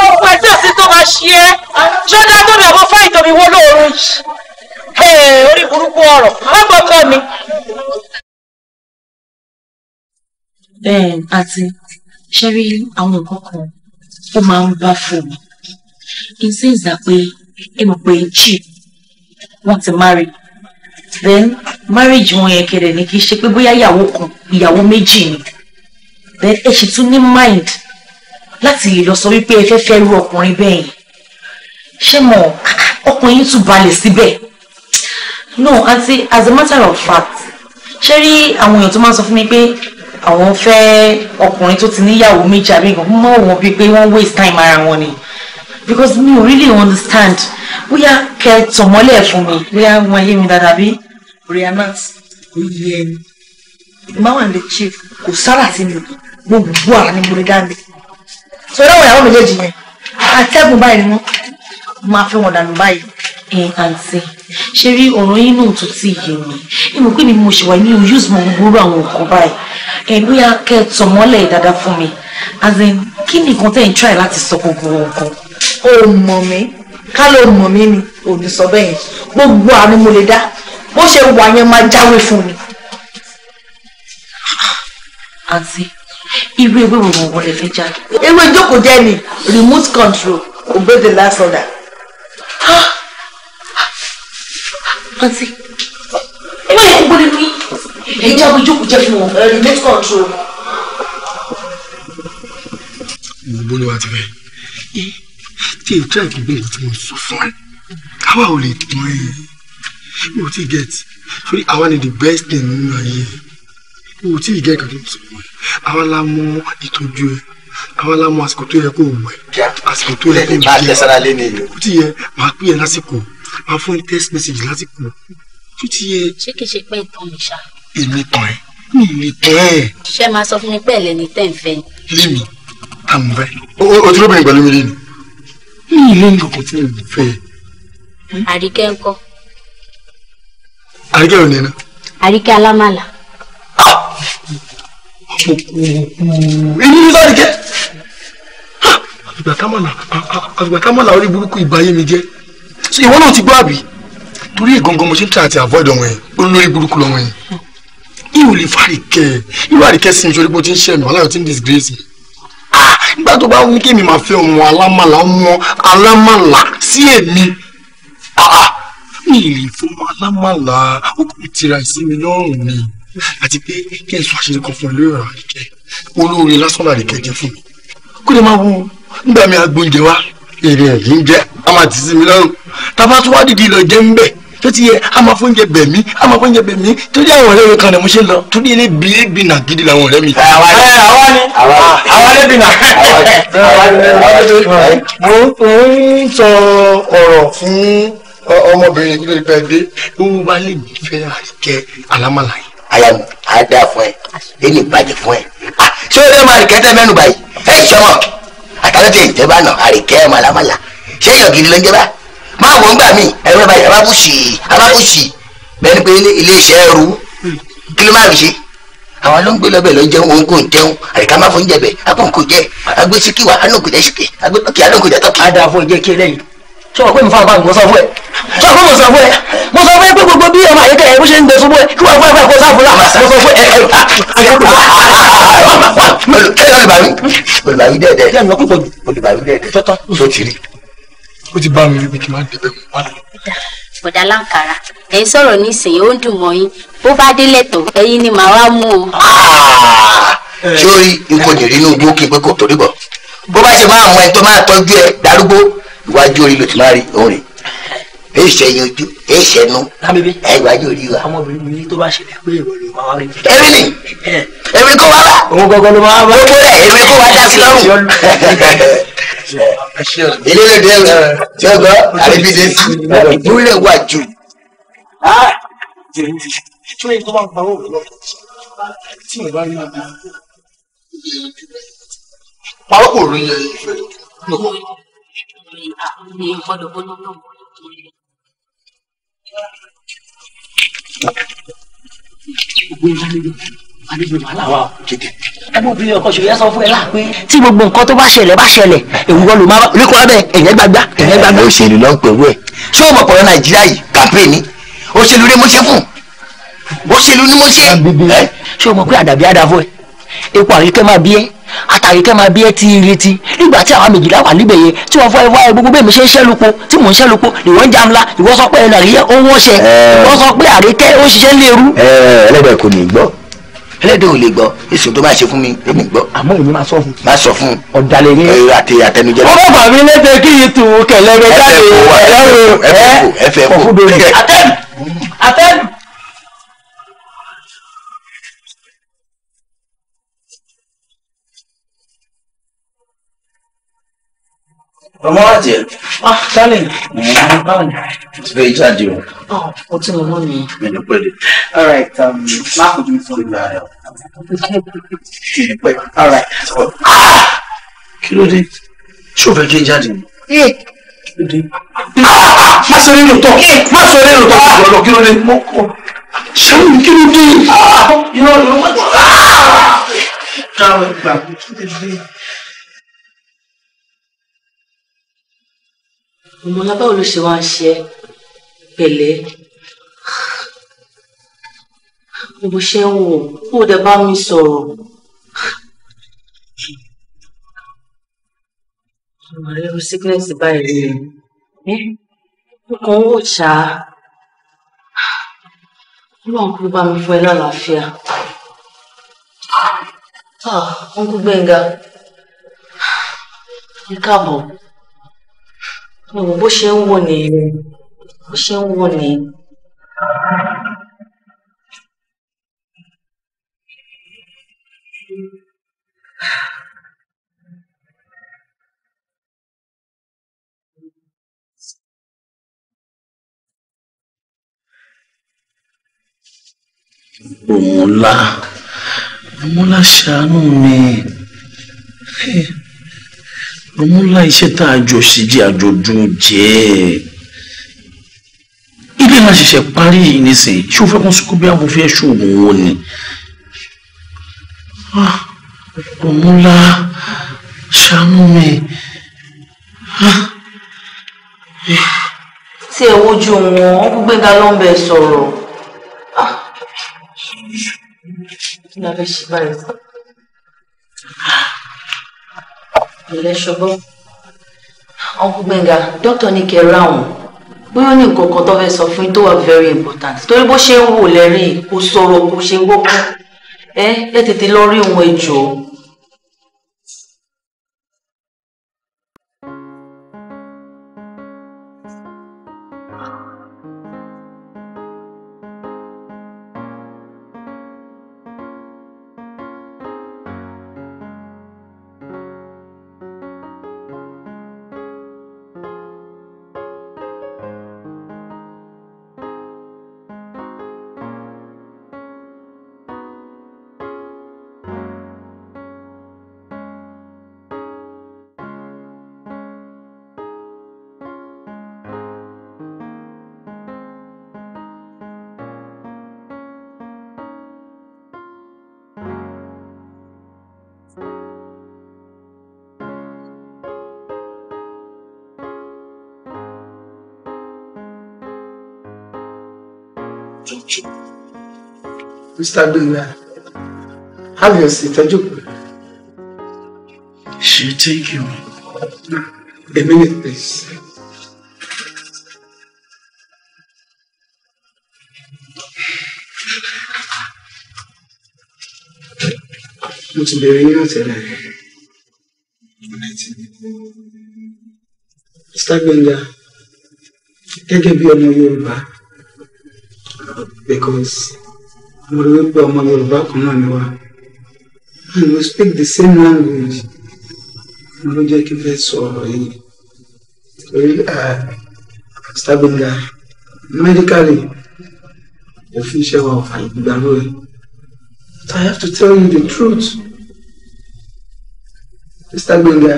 òkú ẹ̀jẹ̀ sí tó máa ṣe é ṣọ́dá tó lè mọ fáìtò mi wó lóorun yìí. orí burúkú ọ̀rọ̀ ọgbọ́kọ mi. bẹ́ẹ̀ àti ṣe rí àwọn nǹkan kan ó máa ń wá fún mi kì í sí ìzà pé ẹ mọ̀ pé chip wọ́n ti marry then marriage wọn yẹn kẹrẹ ni kì í ṣe pé bóyá ìyàwó kan ìyàwó méjì ni then ẹ sì tún ní mind láti lè lọ sọ wípé ẹ fẹ́ fẹ́ ru ọkùnrin bẹ́ẹ̀ yẹn ṣé mọ̀ ọkùnrin yìí tún balẹ̀ síbẹ̀ no àti as a matter of fact ṣé rí àwọn èèyàn tó máa ń sọ fún mi pé àwọn fẹ́ ọkùnrin tó ti níyàwó méjì àbí nǹkan mọ́ wọn bíi pé wọ́n waste time ara wọn ni because mi ò really understand bóyá kẹ́ tọ̀mọ́lẹ̀ fún mi bóyá wọn yé mi dáadáa bí rihanna kò yẹ ẹni ìmáwá lè ṣe kò sára sí mi gbogbo ara ni mo rí dáadé so lọ́wọ́ ìyàwó méjèèjì yẹn atẹ́gùn báyìí ni wọ́n máa fẹ́ wọn dànù báyìí ẹ̀ àǹtí ṣe rí ọ̀rọ̀ yín náà tó ti yé mi ìmọ̀ pé mi mo ṣe wà ní o use my gbúrú àwọn nǹkan báyìí ẹ bóyá kẹ́ ẹ tọ̀ mọ́lẹ̀ dáadáa fún mi as in kí ni nǹkan tẹ́ ń try láti sọ gbogbo nǹkan. o mọ̀ mí ká ló mọ̀ mí ni ò ní sọ bẹ́ẹ̀ yẹn gbogbo àánú mo lè dá bó ṣe wà yẹn máa jáwé fún mi. àǹtí irú ewé wo wọ́n wọlé fẹ́ jáde. ewé jókòó jẹ́ ni remote control obey the last order. àǹtí ẹ má yẹ kó gbọ́dọ̀ ní èyí jẹ́ ojú jẹ́ fún wọn remote control. gbogbo ni wàá ti fẹ́ tí èyí tíra ìpínlẹ̀ èyí tí mo sọ fún ẹ àwa ò lè tán get sorry àwa ni the best thing nínú ayé mi ò tí ì get kankan sọ fún ẹ àwa la mọ ìtọ́jú ẹ àwa la mọ àsìkò tó yẹ kó wẹ àsìkò tó yẹ kó yẹ kó tí yẹ màá pín yẹn lásìkò màá fún ẹ text message lásìkò tó ti yẹ. ṣé kìí ṣe pé ìtàn mi ṣáà èmi tán ẹ mi ì lè tán ẹ. ṣé máa sọ fún mi pé ẹlẹ́ni tẹ́ ń fẹ́ ni. lémi àmọ́ fẹ́ o ti lóbìnrin pẹ̀lú mi léni mi ì lẹ́yìn kankan tí mi fẹ́. àríkẹ́ ń kọ́. àríkẹ́ ò ní iná. àríkẹ́ alámàlà. èmi ní sáré kẹ́ àgbà kámọ́là orí burúkú ìbáyé mi jẹ́ ìwọ náà ti gbọ́ àbí torí ìgangan mo ṣe ń tà àti avoid ọ̀wọ̀n yẹn olórí burúkú lọ́wọ́ yẹn ìwò lè fa àríkẹ́ irú àríkẹ́ sì ń sọ bó ti ń ṣẹ̀mí aláyọ̀ tí ń disgrace mi. Ah, nígbà tó bá wù kí èmi máa fẹ́ ọmọ alámàlà ọmọ alámàlà sí èmi ah, ah, mi lè fọmọ alámàlà ó kò tira ìsinmi lọ́rùn mi àti pé kí ẹ sọ àṣírí kan fún ẹ lórí ọ̀rọ̀ àríkẹ́ olóore lásán làríkẹ́ jẹ́ fún mi kó lè máa wo nígbà mi àgbóúnjẹ wa èrè ẹ̀yìn jẹ́ a máa ti sinmi lọ́rùn tá a bá tún wá dìde lọ jẹ́ ń bẹ̀ tó ti yẹ a máa fóúnjẹ bẹ̀ mí a máa fóúnjẹ bẹ̀ mí torí àwọn ọ̀rẹ́ mi kan ni mo ṣe lọ torí ilé bíléèbì náà gidi làwọn ọ̀rẹ́ mi. àwa ni àwa ni ah, àwa lébi náà. mo ń sọ ọ̀rọ̀ fún ọmọbìnrin kí ló fẹ́ dé. owó bá lè fẹ́ jẹ alámàlà yìí. aya mi a da fún ẹ èyí ìbàjẹ́ fún ẹ. Ah, ṣé o lè máa rí kẹ́tẹ́ mẹ́nu báyìí ẹ sọmọ àtàlẹ́ tẹ̀ ìjẹba náà àríkẹ́ màlàmàlà ṣé èèyàn ló ń jẹ máa wò ń gbà mí ẹ̀rọ ìbàjẹ́ abábùsì abábùsì bẹ́ẹ̀ ni pé ilé iṣẹ́ ẹrú kí ló máa fi ṣe àwọn ló ń gbé lọ́bẹ̀ ló ń jẹun òun kò ń jẹun àyíká máa fún jẹbẹ̀ apò kò jẹ agbé síkì wà ánú òkùnjẹ síkì agbé tọ́kì ánú òkùnjẹ tọ́kì. ada fún ìjẹ́ kí eléyìí sọ pé nfa nfa mo sọ fún ẹ sọ pé mo sọ fún ẹ mo sọ fún ẹ pé gbogbo bí ọmọ àyíká ẹ bó ṣe ń gbé ṣubú ẹ kí wọn fún ẹ fún ẹ kó sáà fún ẹ mo sọ fún ẹ ẹ olùbàwí olùbàwí dẹ́ẹ̀dẹ́ olùbàwí dẹ́ẹ̀dẹ́ tó ti rí ó ti bá mi wí pé kí n má débẹ̀ mọ́ padà. bọ̀dà láǹkàrà ẹ ń sọ̀rọ̀ nísìnyí ó ń dùn mọ́ yín bó bá délẹ̀ tó ẹ̀yin ni màá wá mú o. sórí ah! nǹkan jèrè inú igbó kí n pé kò torí bọ̀ bó bá ṣe máa mọ ẹni tó máa tọ́jú ẹ darúgbó iwájú orí ló ti máa rí òun rè ẹ ṣe yanjú ẹ ṣe ẹ gbájú rí wa. ọmọbìnrin mi tó bá ṣẹlẹ̀ pé ìwọ ló máa rí. èmi ni èmi kó wa bá. òun gbọ́dọ̀ ló máa bá. gbogbo rẹ̀ èmi kó wa dá sí lọ́rùn. ilé ló dé lọ tí ó gbọ́ àbíbí ìbúlẹ̀ wà jù. tí kò rí ìfẹ́ tí gbogbo nǹkan tó bá ṣẹlẹ̀ bá ṣẹlẹ̀ èwù wọn ló máa rí kó lábẹ́ ẹ̀yẹ́ gbàgbá ẹ̀yẹ́ gbàgbá. òṣèlú ló ń pẹ̀lú ẹ̀ ṣé o mọ̀ pọ̀lọ́ nàìjíríà yìí kàmpé ni òṣèlú rẹ mo ṣe fún òṣèlú ni mo ṣe. ṣé o mọ̀ pé àdàbí àdàfọ́ ẹ epo àríkẹ́ máa bí ẹ́ àtàrí kẹ́ máa bí ẹ ti retí nígbà tí àwọn méjìlá wà níbẹ̀ yẹn tí wọ́n fọ́ ẹ wá ẹ gbogbo bẹ́ẹ̀ mi ṣe ń ṣẹ́ lupo tí mò ń ṣẹ́ lupo ìwọ́n jamla ìwọ́n sọ pé ẹ nàríyẹ ó wọ́n ṣẹ ìwọ́n sọ pé àríkẹ́ ó ṣiṣẹ́ léru. ẹlẹ́dẹ̀ kò ní gbọ́ ẹlẹ́dẹ̀ ò lè gbọ́ èsì tó bá ṣe fún mi èmi gbọ́. àmọ́ èmi máa sọ fún. máa sọ fún. ọ̀dàlẹ̀ ni. ẹ̀rọ àti àtẹnujẹ. wọ́n bàbá mi lẹ́sẹ̀ kí yìí tù kẹ̀lẹ́ mi jáde. ẹ fẹ́ kó ẹ fẹ́ kó ẹ fẹ́ kó. àtẹ́nu àtẹ́nu. Mama, what's it? Ah, darling. Mm-hmm. It's very hard, Oh, what's in the morning? In the bed. All right. Um, Mark, would you please help? All right. ah, kí ló Show me again, darling. Hey. Kí ló dé. Ah, má sọ nínú tọ. Má sọ nínú tọ. Ọlọ ah! kí ló dé. Mo kọ. Ṣé kí ló dé? Ah, you know, you know Ah, now we're back. Kí ló dé. Ìmọ̀lá báwo ló ṣe wá ń ṣe pẹ̀lẹ́? Mo ṣe ń wò ó dẹ̀ bá mi sọ̀rọ̀. Ìmọ̀lá irú sickness báyìí rẹ̀. Mo kàn ń wò Ọlọ́run kúrú bá mi fún ẹ lálàáfíà. Ah, Gbẹ̀ngà. Ẹ káàbọ̀. Hmm, bó ṣe ń wò ní bó ṣe ń wò ní. Òmùlá, Òmùlá ṣàánú mi. Hey ọmúlá iṣẹ́ tá a jọ ṣe jẹ́ àjọ̀dún jẹ́ ilé máa ṣẹ̀ṣẹ̀ parí yìí nísìnyí ṣé o fẹ́ kún sókó bí àwọn fẹ́ ṣoògùn wo ni ah, ọmúlá ṣàánú mi. tí ah. ẹ wojú wọn ó gbéga ló ń bẹ sọ̀rọ̀ ah. kí ni a fẹ́ ṣe báyìí ẹ̀rẹ́ ṣọgbọ́n uncle Gbenga doctor ní kẹ́ ra òun bóyá ní nǹkan kan tó fẹ́ sọ fún yín tó wà very important torí bó ṣe ń wò lẹ́rìn kò sọ̀rọ̀ kò ṣe gbogbo ẹ ẹ tètè lọ rí òun ẹjọ́ Mr. Agbemiwa, eh? have your seat, ẹ eh, jókòó. She take you. A minute, please. Mo ti bẹ̀rẹ̀ yín láti ẹ̀dá rẹ̀. Mr. Gbẹ̀ngà, gẹ́gẹ́ bí ọmọ Yorùbá, because mo rí wípé and we speak the same language mo ló jẹ́ kí n fẹ́ ah, medically òfin ṣe wà ọ̀fà but I have to tell you the truth Mr. Gbenga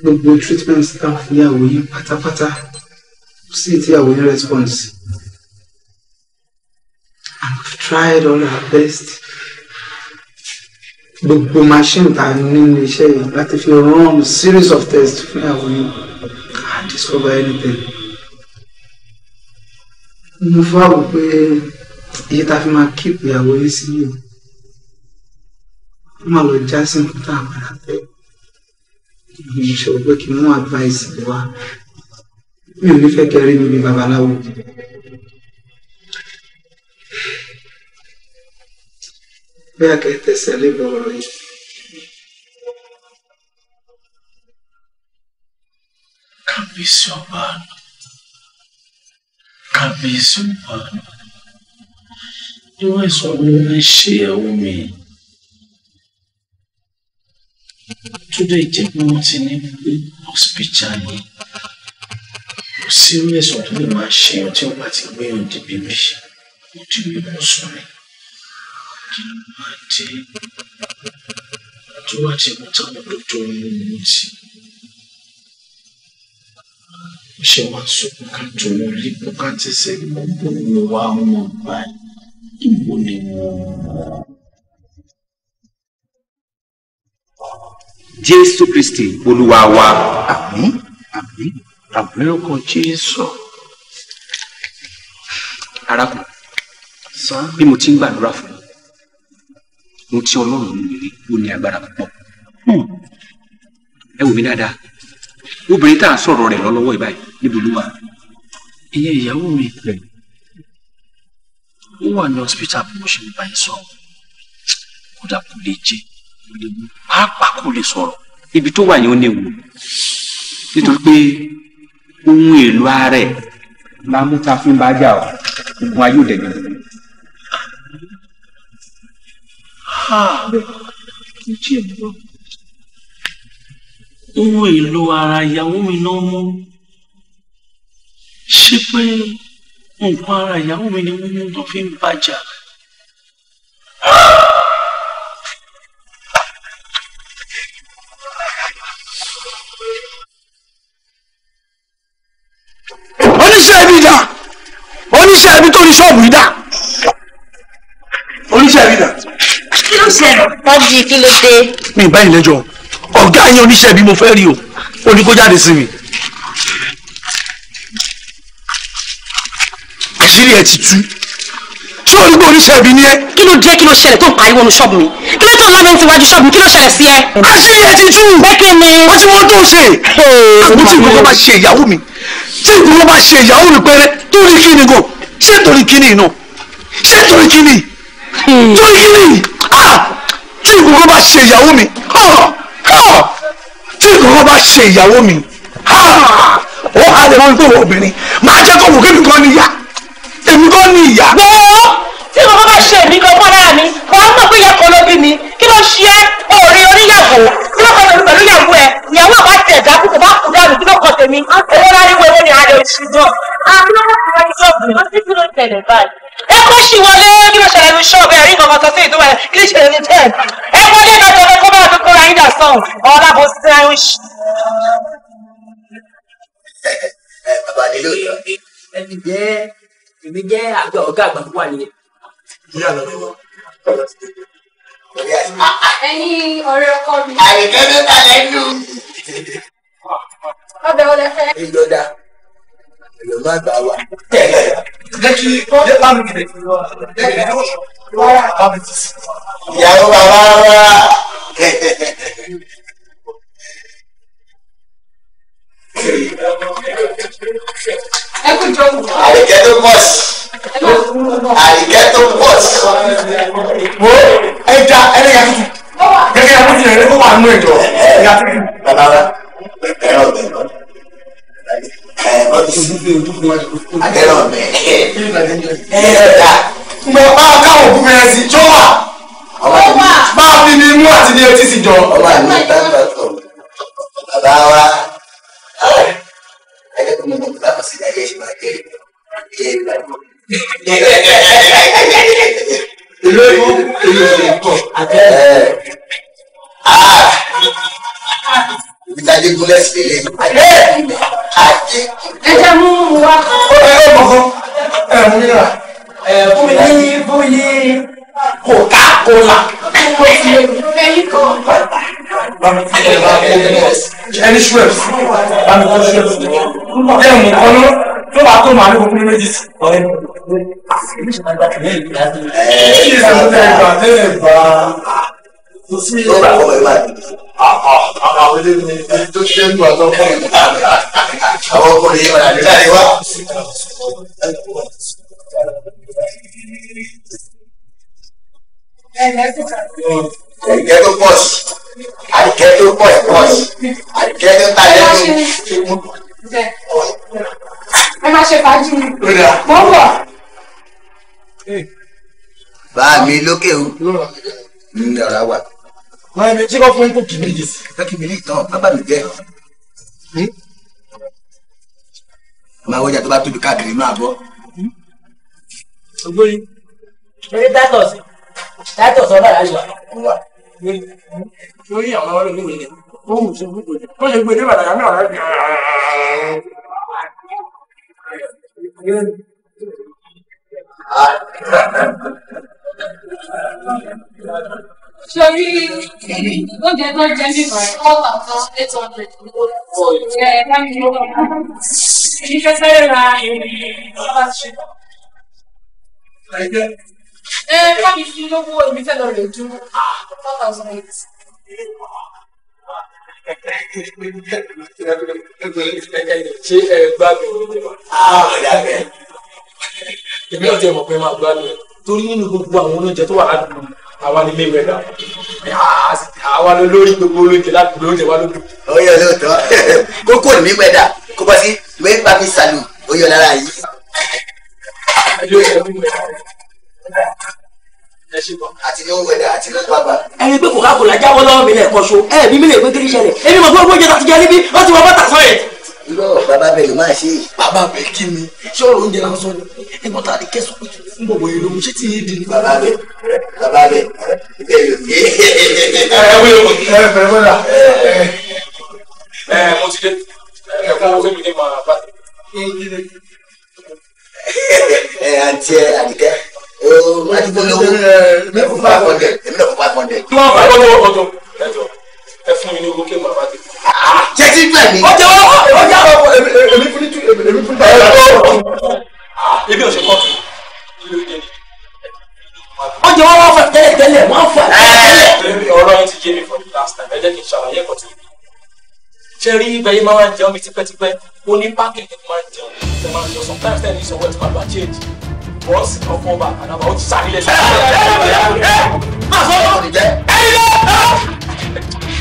gbogbo treatment staff pata yìí pátápátá sí ìtìyàwó yìí response tried all our best gbogbo machine ta ní ilé iṣẹ́ yìí láti fi run series of tests fún ìyàwó yìí i discover anything mo fà wò pé iye ta fi máa keep ìyàwó yìí sí yìí ó máa lọ já sí nǹkan tá a padà fẹ́ mo ṣòro pé kí n mú advice wá mi ò ní fẹ́ kẹrí mi bí babaláwo. bóyá kẹ́ tẹsẹ̀ lébi ọ̀rọ̀ yìí. kábíyèsí ọba kábíyèsí ọba irú àìsàn wo ló ń ṣe ìyàwó mi tó dé jẹ́ pé wọ́n ti ní pé hospital yìí kò sí irú àìsàn tó lè máa ṣe ọ tí wọ́n bá ti gbé ọ débi bí wọ́n ti tí tó wá ti mú táwọn dòdò ọ̀run mú ti ó ṣe wá sọkún ká tòun lípò ká tẹsẹ̀ gbogbo mi wá wọn báyìí ìwò ni wọn. jésù kristi olúwa wa àmín àmín àmín ọkọ jésù arákùnrin bí mo ti ń gbàdúrà fún ohun tí ọlọ́run ń lè ó ní agbára púpọ̀ hmm. ẹ wò mí dáadáa obìnrin tá à ń sọ̀rọ̀ rẹ̀ lọ́wọ́ ìbáyìí níbo ló wà ìyẹn ìyàwó mi ó wà ní hospital bí mo ṣe ń bá yín sọ kódà kò lè jẹ pàápàá kò lè sọ̀rọ̀ ibi tó wà yẹn ó léwu nítorí pé ohun èlò ara ẹ̀ máa mú ta fún bá jà ọ́ ogun ayé ò dẹ̀ gbẹ̀gbẹ̀ ohun èlò ara ìyàwó mi náà mú ṣé pé nǹkan ara ìyàwó mi ni wọ́n mú tó fi ń bàjá. oníṣẹ́ ibi dà oníṣẹ́ ibi tó ní ṣọ́ọ̀bù yìí dà ṣẹlẹ̀. pọ́jì kí ló dé. mi ìbá yìí lẹ́jọ́ ọ̀gá yẹn oníṣẹ́ bí mo fẹ́ rí o ó ní kó jáde sí mi. àṣírí ẹ ti tú ṣé o rí pé oníṣẹ́ bí ni ẹ. kí ló dé kí ló ṣẹlẹ̀ tó ń pariwo nu ṣọ́ọ̀bù mi kí ló tó ń lọ́wọ́ níwájú ṣọ́ọ̀bù mi kí ló ṣẹlẹ̀ sí ẹ. àṣírí ẹ ti tú. bẹ́ẹ̀ ni. wọ́n ti wọ́n tó ṣe. àgùntì ìwé ló bá ṣe ìyàwó mi tí ìwé ló bá ṣe ìyàwó mi pẹ́rẹ́ torí kíni gan ṣé torí kíni ṣé torí kíni hmm. torí kíni tí ìkókó bá ṣe ìyàwó mi tí ìkókó bá ṣe ìyàwó mi ó halẹ̀ wọn pé obìnrin máa jẹ́ kó wù kí mi kọ́ níyà èmi kọ́ ní ìyá. gbọ́dọ̀ tí ìkókó bá ṣe èmi kan fọ́nrán mi wàá mọ̀ pé ìyá kan ló bí mi kí ló ṣe é òòrè oníyàwó kí ló kọ́ tèmi pẹ̀lú ìyàwó ẹ̀ ìyàwó ẹ̀ bá tẹ̀ ẹ̀dá kúkú bá kú dànù kí ló kọ́ tèmi owó láríwó ewé ni àárẹ̀ òṣù náà ẹ kó sì wọlé kí ló ṣẹlẹ̀ ní ṣọ́ọ̀bù ẹ̀rí nǹkan kan sọ sí ìdúwẹ̀ kí ló ṣẹlẹ̀ ní tẹ́ẹ̀ ẹ wọlé ìdájọ́ fẹ́ kó bá gbogbo ayé dà sàn sẹ́yìn. bàbá mi ló yọ ẹni jẹ́ èmi jẹ́ àjọ ọ̀gá àgbà tó wà nílé. ẹ̀yin ọ̀rẹ́ ọkọ mi. àyẹ̀kẹ́ ló ta lẹ́nu. ọbẹ̀ wo fẹ́. ìjọba ìjọba àgbà wà jẹ́kí lánàá gidi ìyàwó bàbá wa àríkẹ́ tó pọ̀ sí àríkẹ́ tó pọ̀ sí. wo ẹja ẹlẹ́yà tuntun gẹ́gẹ́ bí wọ́n ti rẹ̀ lé fún wa nínú ìjọ ẹ̀yà tuntun. bàbá wa ẹ̀rọ ọ̀gbẹ́ akẹ́rọ̀ mẹ́ ẹ̀ẹ́dà mo bá káwọn òkú fẹ́rẹ́ sí jọ wà bá a fi mi mú àti ní etí sí jọ. ọba mi ta ta tọ bàbá wa ẹgbẹ́ tó mú mọ́ bàbá mi sí ayé ìgbà jẹ́ ìgbà jẹ́ ìlú ìlú ìlú ìkọ abẹ. ibi tá a dé gúnlẹ̀ sí ilé ẹ jẹ́ mú mu wá. ẹ ẹ mọ̀ kan ẹ mú mi rà ẹ fún mi ní fún mi ní kòkà kòlà. ẹni ṣúwẹ̀s bámi kó ṣúwẹ̀s ẹ mú kan tó bá tó màálù fún mi méjì sí. ẹ ẹ ṣe é sọ fún mi ẹ gbà ẹ gbà ó gbà fọmọ ẹ máa dìbò. àwọn àwọn ilé mi tó ṣe ń lu àwọn ọkùnrin mi. àwọn ọkùnrin yìí máa dìbò láyé wá. Àdìgẹ́ tó pọ̀ sí, àdìgẹ́ tó pọ̀ ẹ̀ pọ̀ sí, àdìgẹ́ tó ta ẹ̀ lẹ́nu. Ẹ máa ṣe fàájì mi. Mo ń bọ̀. Bá lókè o. Ń dọ̀ra wà. Máa mi jíkọ́ fún kókì méjì sí. Kókì méjì tán, bábà mi jẹ́. Máa wọ́jà tó bá tóbi káàkiri inú àgọ́. Ògbóni. Ṣé Tátọ̀sì? Tátọ̀sì ọ̀dà láyé wa. Lórí àwọn ọlọ́run ní ìwé ó sí gbogbo ẹ̀. Ó ṣe gbé dé bàtà ní ọ̀rẹ́ Thank you sori oúnjẹ tó jẹ mí kan four thousand eight hundred ẹ dáhùn ló kàn án èyí fẹ́ sáré ra èrè ọba ṣe. ẹ káàbí lówó èmi fẹ́ lọ rè dún four thousand eight. ṣé ẹ gbá mi? èmi náà mọ̀ pé máa gbá mi torí nínú gbogbo àwọn oúnjẹ tó wà ládùúgbò àwa ni Mayweather ah, àwa ló lórí gbogbo olóúnjẹ láti gbogbo olóúnjẹ wa ló dùn. ó yọ lóòótọ́ kókó ni Mayweather kó bá sí wẹ́ẹ́ bá mi sàlù ó yọ lára yìí. ẹni pé kò ká kò lájà wọ́n lọ́wọ́ mi lẹ́ẹ̀kan so ẹ̀ẹ́dì mi lè pé kiri ṣẹlẹ̀ èmi mọ̀ pé ó gbọ́dọ̀ ti jẹ́ níbí wọ́n ti wọ́n bá tà sọ́yẹ̀ irọ́ bàbá bẹ́ẹ̀ máa ṣe é. bàbá kí mi ṣé ọ̀rọ̀ oúnjẹ náà sọ ni ẹ̀gbọ́n tá a lè ń bọ̀ bọ̀yìn lòun ṣé ti yé di. bàbá bẹ́ẹ̀ bàbá bẹ́ẹ̀ ẹ ẹ wílò ẹ fẹ́ wẹ́lá ẹ ẹ mo ti dé ẹ kó owó mi ní màá bá ẹ àǹtí ẹ àdìgẹ́ ooo àti gbogbo mẹ́fù five hundred fún five hundred. kí wọ́n fà ẹ fún mi ní ogún kí n máa bá tètè ṣe ti gbẹ mi. ọjà wọn ọjà wọn èmi fún ní tú èmi fún ní tú. ebi ọ̀sẹ̀ kọ́ọ̀tù ọjà wọn wọn fà tẹ́lẹ̀ tẹ́lẹ̀ wọn fà tẹ́lẹ̀. ọ̀rọ̀ yẹn ti yé mi for the last time ẹ jẹ́ kí n ṣàlàyé ẹ̀kọ́ tí mi. ṣe rí ibẹ̀ yìí máa ń jẹun mi tipẹ́tipẹ́ ó ní pákẹ́tì máa ń jẹun ṣe máa ń jọ sometimes ten ní sọ wẹ́ẹ̀tì máa lọ change bọ́ọ̀sì kan fún ọba àdàbà ó ti sáré lẹ́sẹ̀. ẹ ẹ ẹ ẹ máa sọ ọ́ ẹ̀yin náà.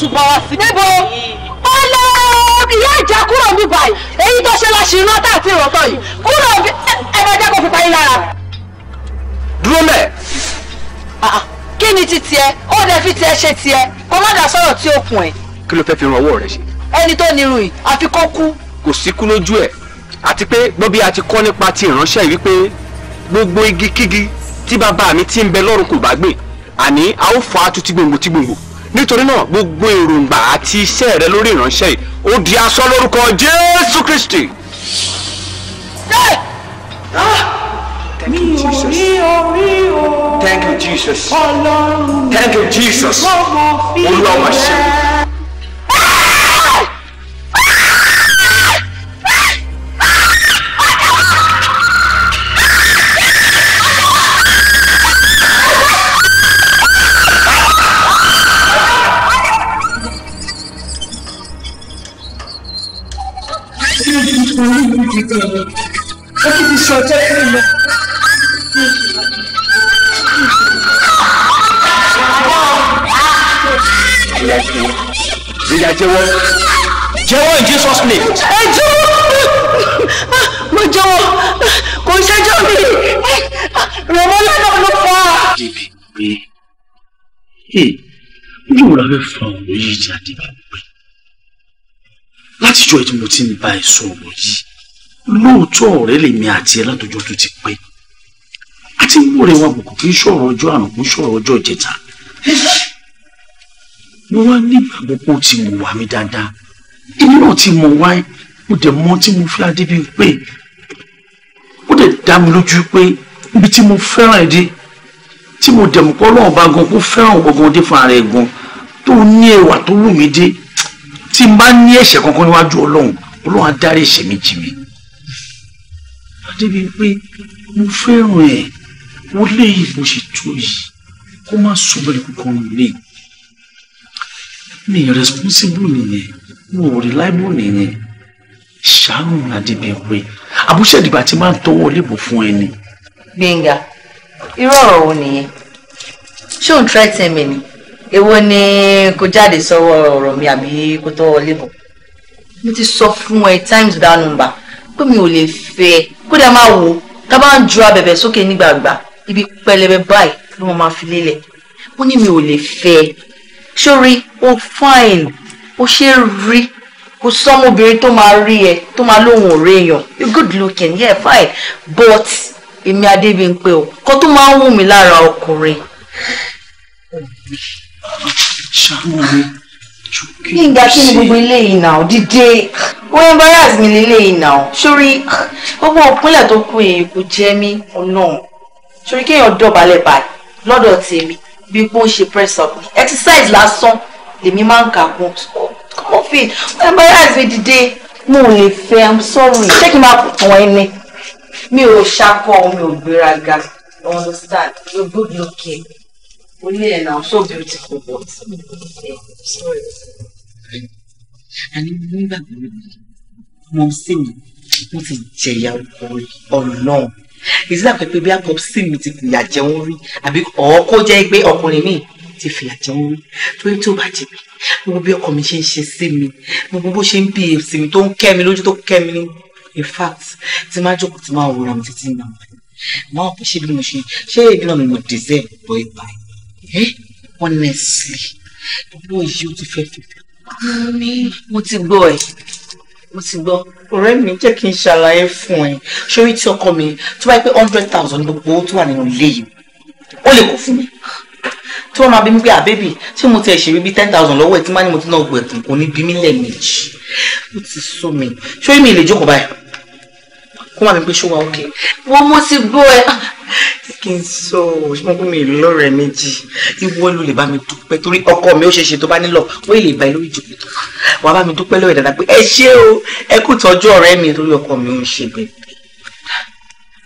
túbọ̀ wá sí. níbo ọlọ́ọ̀bì yóò já kúrò ní báyìí èyí tó ṣe la ṣì ń rántà àti ìrọ̀tọ̀ yìí kúrò ẹ̀rọ jẹ́ kó fi parí lára. dúró mẹ́. Ah, ah. kí ni ti tiẹ̀ ó dẹ fi tiẹ̀ ṣe tiẹ̀ kó má dà sọ̀rọ̀ tí ó kùn ẹ̀. kí ló fẹ́ fi ran ọwọ́ rẹ ṣe. ẹni tó nírú yìí àfi kó kú. kò síkú lójú ẹ̀ àti pé gbọ́ a ti kọ́ nípa ti ìránṣẹ́ yìí wípé gbogbo igi tí bàbá mi ti ń bẹ lọ́rùn kò bá gbìn àní a ó fa tuntun gbòǹgbò tí gbòǹgbò nítorí náà gbogbo èròǹgbà àti iṣẹ́ rẹ lórí ìránṣẹ́ yìí ó di asán lórúkọ Jésù Kristi. Ah! Thank you, Jesus. Thank you, Jesus. Thank you, Jesus. Olúwa ma ṣe. mi. ẹ jọ̀wọ́ mo jọ̀wọ́ kò ṣẹjọ́ mi rọmọlá náà ló fà á. dèbè pé yóò ra fẹ́ fa ọ̀rọ̀ yìí jà dèbè pé látijọ́ ẹ̀ tí mo ti ń bá ẹ sọ ọ̀rọ̀ yìí lóòótọ́ ọ̀rẹ́ lèmi àti ẹ látọjọ́ tó ti pé àti wúwo rẹ̀ wà bùkún kí n ọjọ́ àrùn kún sọ̀rọ̀ ọjọ́ ìjẹta mo wá nígbàgbọ́ pé ó ti wùwà mi dáadáa èmi náà ti mọ̀ wáyé mo dẹ̀ mọ̀ tí mo fi adé bíi pé ó dẹ̀ dá mi lójú pé ibi tí mo fẹ́ràn ẹ̀ dé tí mo dẹ̀ mọ̀ pé ọlọ́run bá gan kó fẹ́ràn gangan dé fún ara ẹ̀ gan tó ní ẹwà tó wù mí dé tí n bá ní ẹ̀ṣẹ̀ kankan níwájú ọlọ́run ọlọ́run á dárí ẹ̀ṣẹ̀ mi jì mí. adé pé mo fẹ́ràn ẹ̀ wọ́n lé ìbò ṣe tó yìí kó má sọ bẹ́ẹ̀ kankan lè mi responsible nìyẹn mo ò rí láìbù nìyẹn ṣàrùn adébẹ̀wé àbúṣẹ́dìgbà tí máa ń tọwọ́ lébò fún ẹni. gbẹ̀ngà irú ọ̀rọ̀ wo nìyẹn ṣé òun threaten mi ni èwo ni kò jáde sọ́wọ́ ọ̀rọ̀ mi àbí kò tọwọ́ lébò mo ti sọ fún ẹ times that number pé mi ò lè fẹ́ ẹ kódà máa wò ó tá a bá ń ju abẹ̀bẹ̀ sókè nígbàgbà ibi pẹlẹbẹ báyìí ló máa fi lélẹ̀ mo ní mi ò lè fẹ́ ẹ sórí ó fine ó ṣe é rí kò sọ́mọbìnrin tó máa rí ẹ tó máa lóhùn ọ̀rẹ́ èèyàn you're good looking yeah fine but èmi Adébímpé o kan tó máa ń wù mí lára ọkùnrin. ṣàánú mi ní ìgbà kí ni gbogbo ilé yìí náà dìde wọ́n embarrass mi nílé yìí náà sórí gbogbo òpínlẹ̀ tó kù èyí kò jẹ́ mí ọ̀nà sórí kéèyàn dọ̀bálẹ̀ báyìí lọ́dọ̀ tèmi bí pé ó ṣe press up exercise lásán lèmi máa ń kà kún profit wọn bá yára ìgbé dìde mo lè fẹ́ i'm sorry ṣé kí n máa pọ̀n ẹni mi ò ṣakọ mi ò gbéraga understand you're good looking o ní ẹ̀ náà so beautiful but yeah, sorry. àní nígbà tó mo sì mi mo ti jẹ̀yà ọkùnrin ọ̀nà ìsìlẹ̀ pẹ̀pẹ̀ bí a pọ̀ sí mi ti fìyà jẹun rí àbí ọ̀ọ́kọ́ jẹ́ pé ọkùnrin mi ti fìyà jẹ wọn torí tí ó bá jẹ mi gbogbo bí ọkọ mi ṣe ń ṣe sí mi gbogbo bó ṣe ń bí èsì mi tó ń kẹ́ mi lójú tó kẹ́ mi ní in fact tí máa jókòó tí máa wòrán mi títí náà máa wọ́n pé bí mo ṣe ṣé èmi náà ni mo deserve bọ́ ibà yìí eh? honestly gbogbo yìí ó ti fẹ́ fi mo ti gbọ́ ẹ̀ mo ti gbọ́ ọ̀rẹ́ mi jẹ́ kí n ṣàlàyé fún ẹ sórí tí ọkọ mi tó bá yẹ pé hundred thousand gbogbo owó tó wà nínú ilé yìí ó lè kó fún mi tí wọ́n máa bí mi pé àbẹ́bì tí mo ti ẹ̀ ṣe ten thousand lọ́wọ́ ẹ̀ tí má ní mo ti náà gbẹ̀kùn kò ní bí mi lẹ́ẹ̀mejì ó ti sú mi ṣó èmi lè jókòó báyìí kó má mi pé ṣó wa òkè wọ́n mo ti gbọ́ ẹ ah, kí n sọ ṣé mo kún mi lọ́rẹ̀ méjì ìwọ ló lè bá mi dúpẹ́ torí ọkọ mi ó ṣe ṣe tó bá nílò ó lè bá lórí ìjòkó wàá bá mi dúpẹ́ lọ́rẹ̀ dáadáa pé ẹ ṣé o ẹ kú tọ́jú ọ̀rẹ́ mi torí ọkọ mi ó ń ṣe bẹ́ẹ̀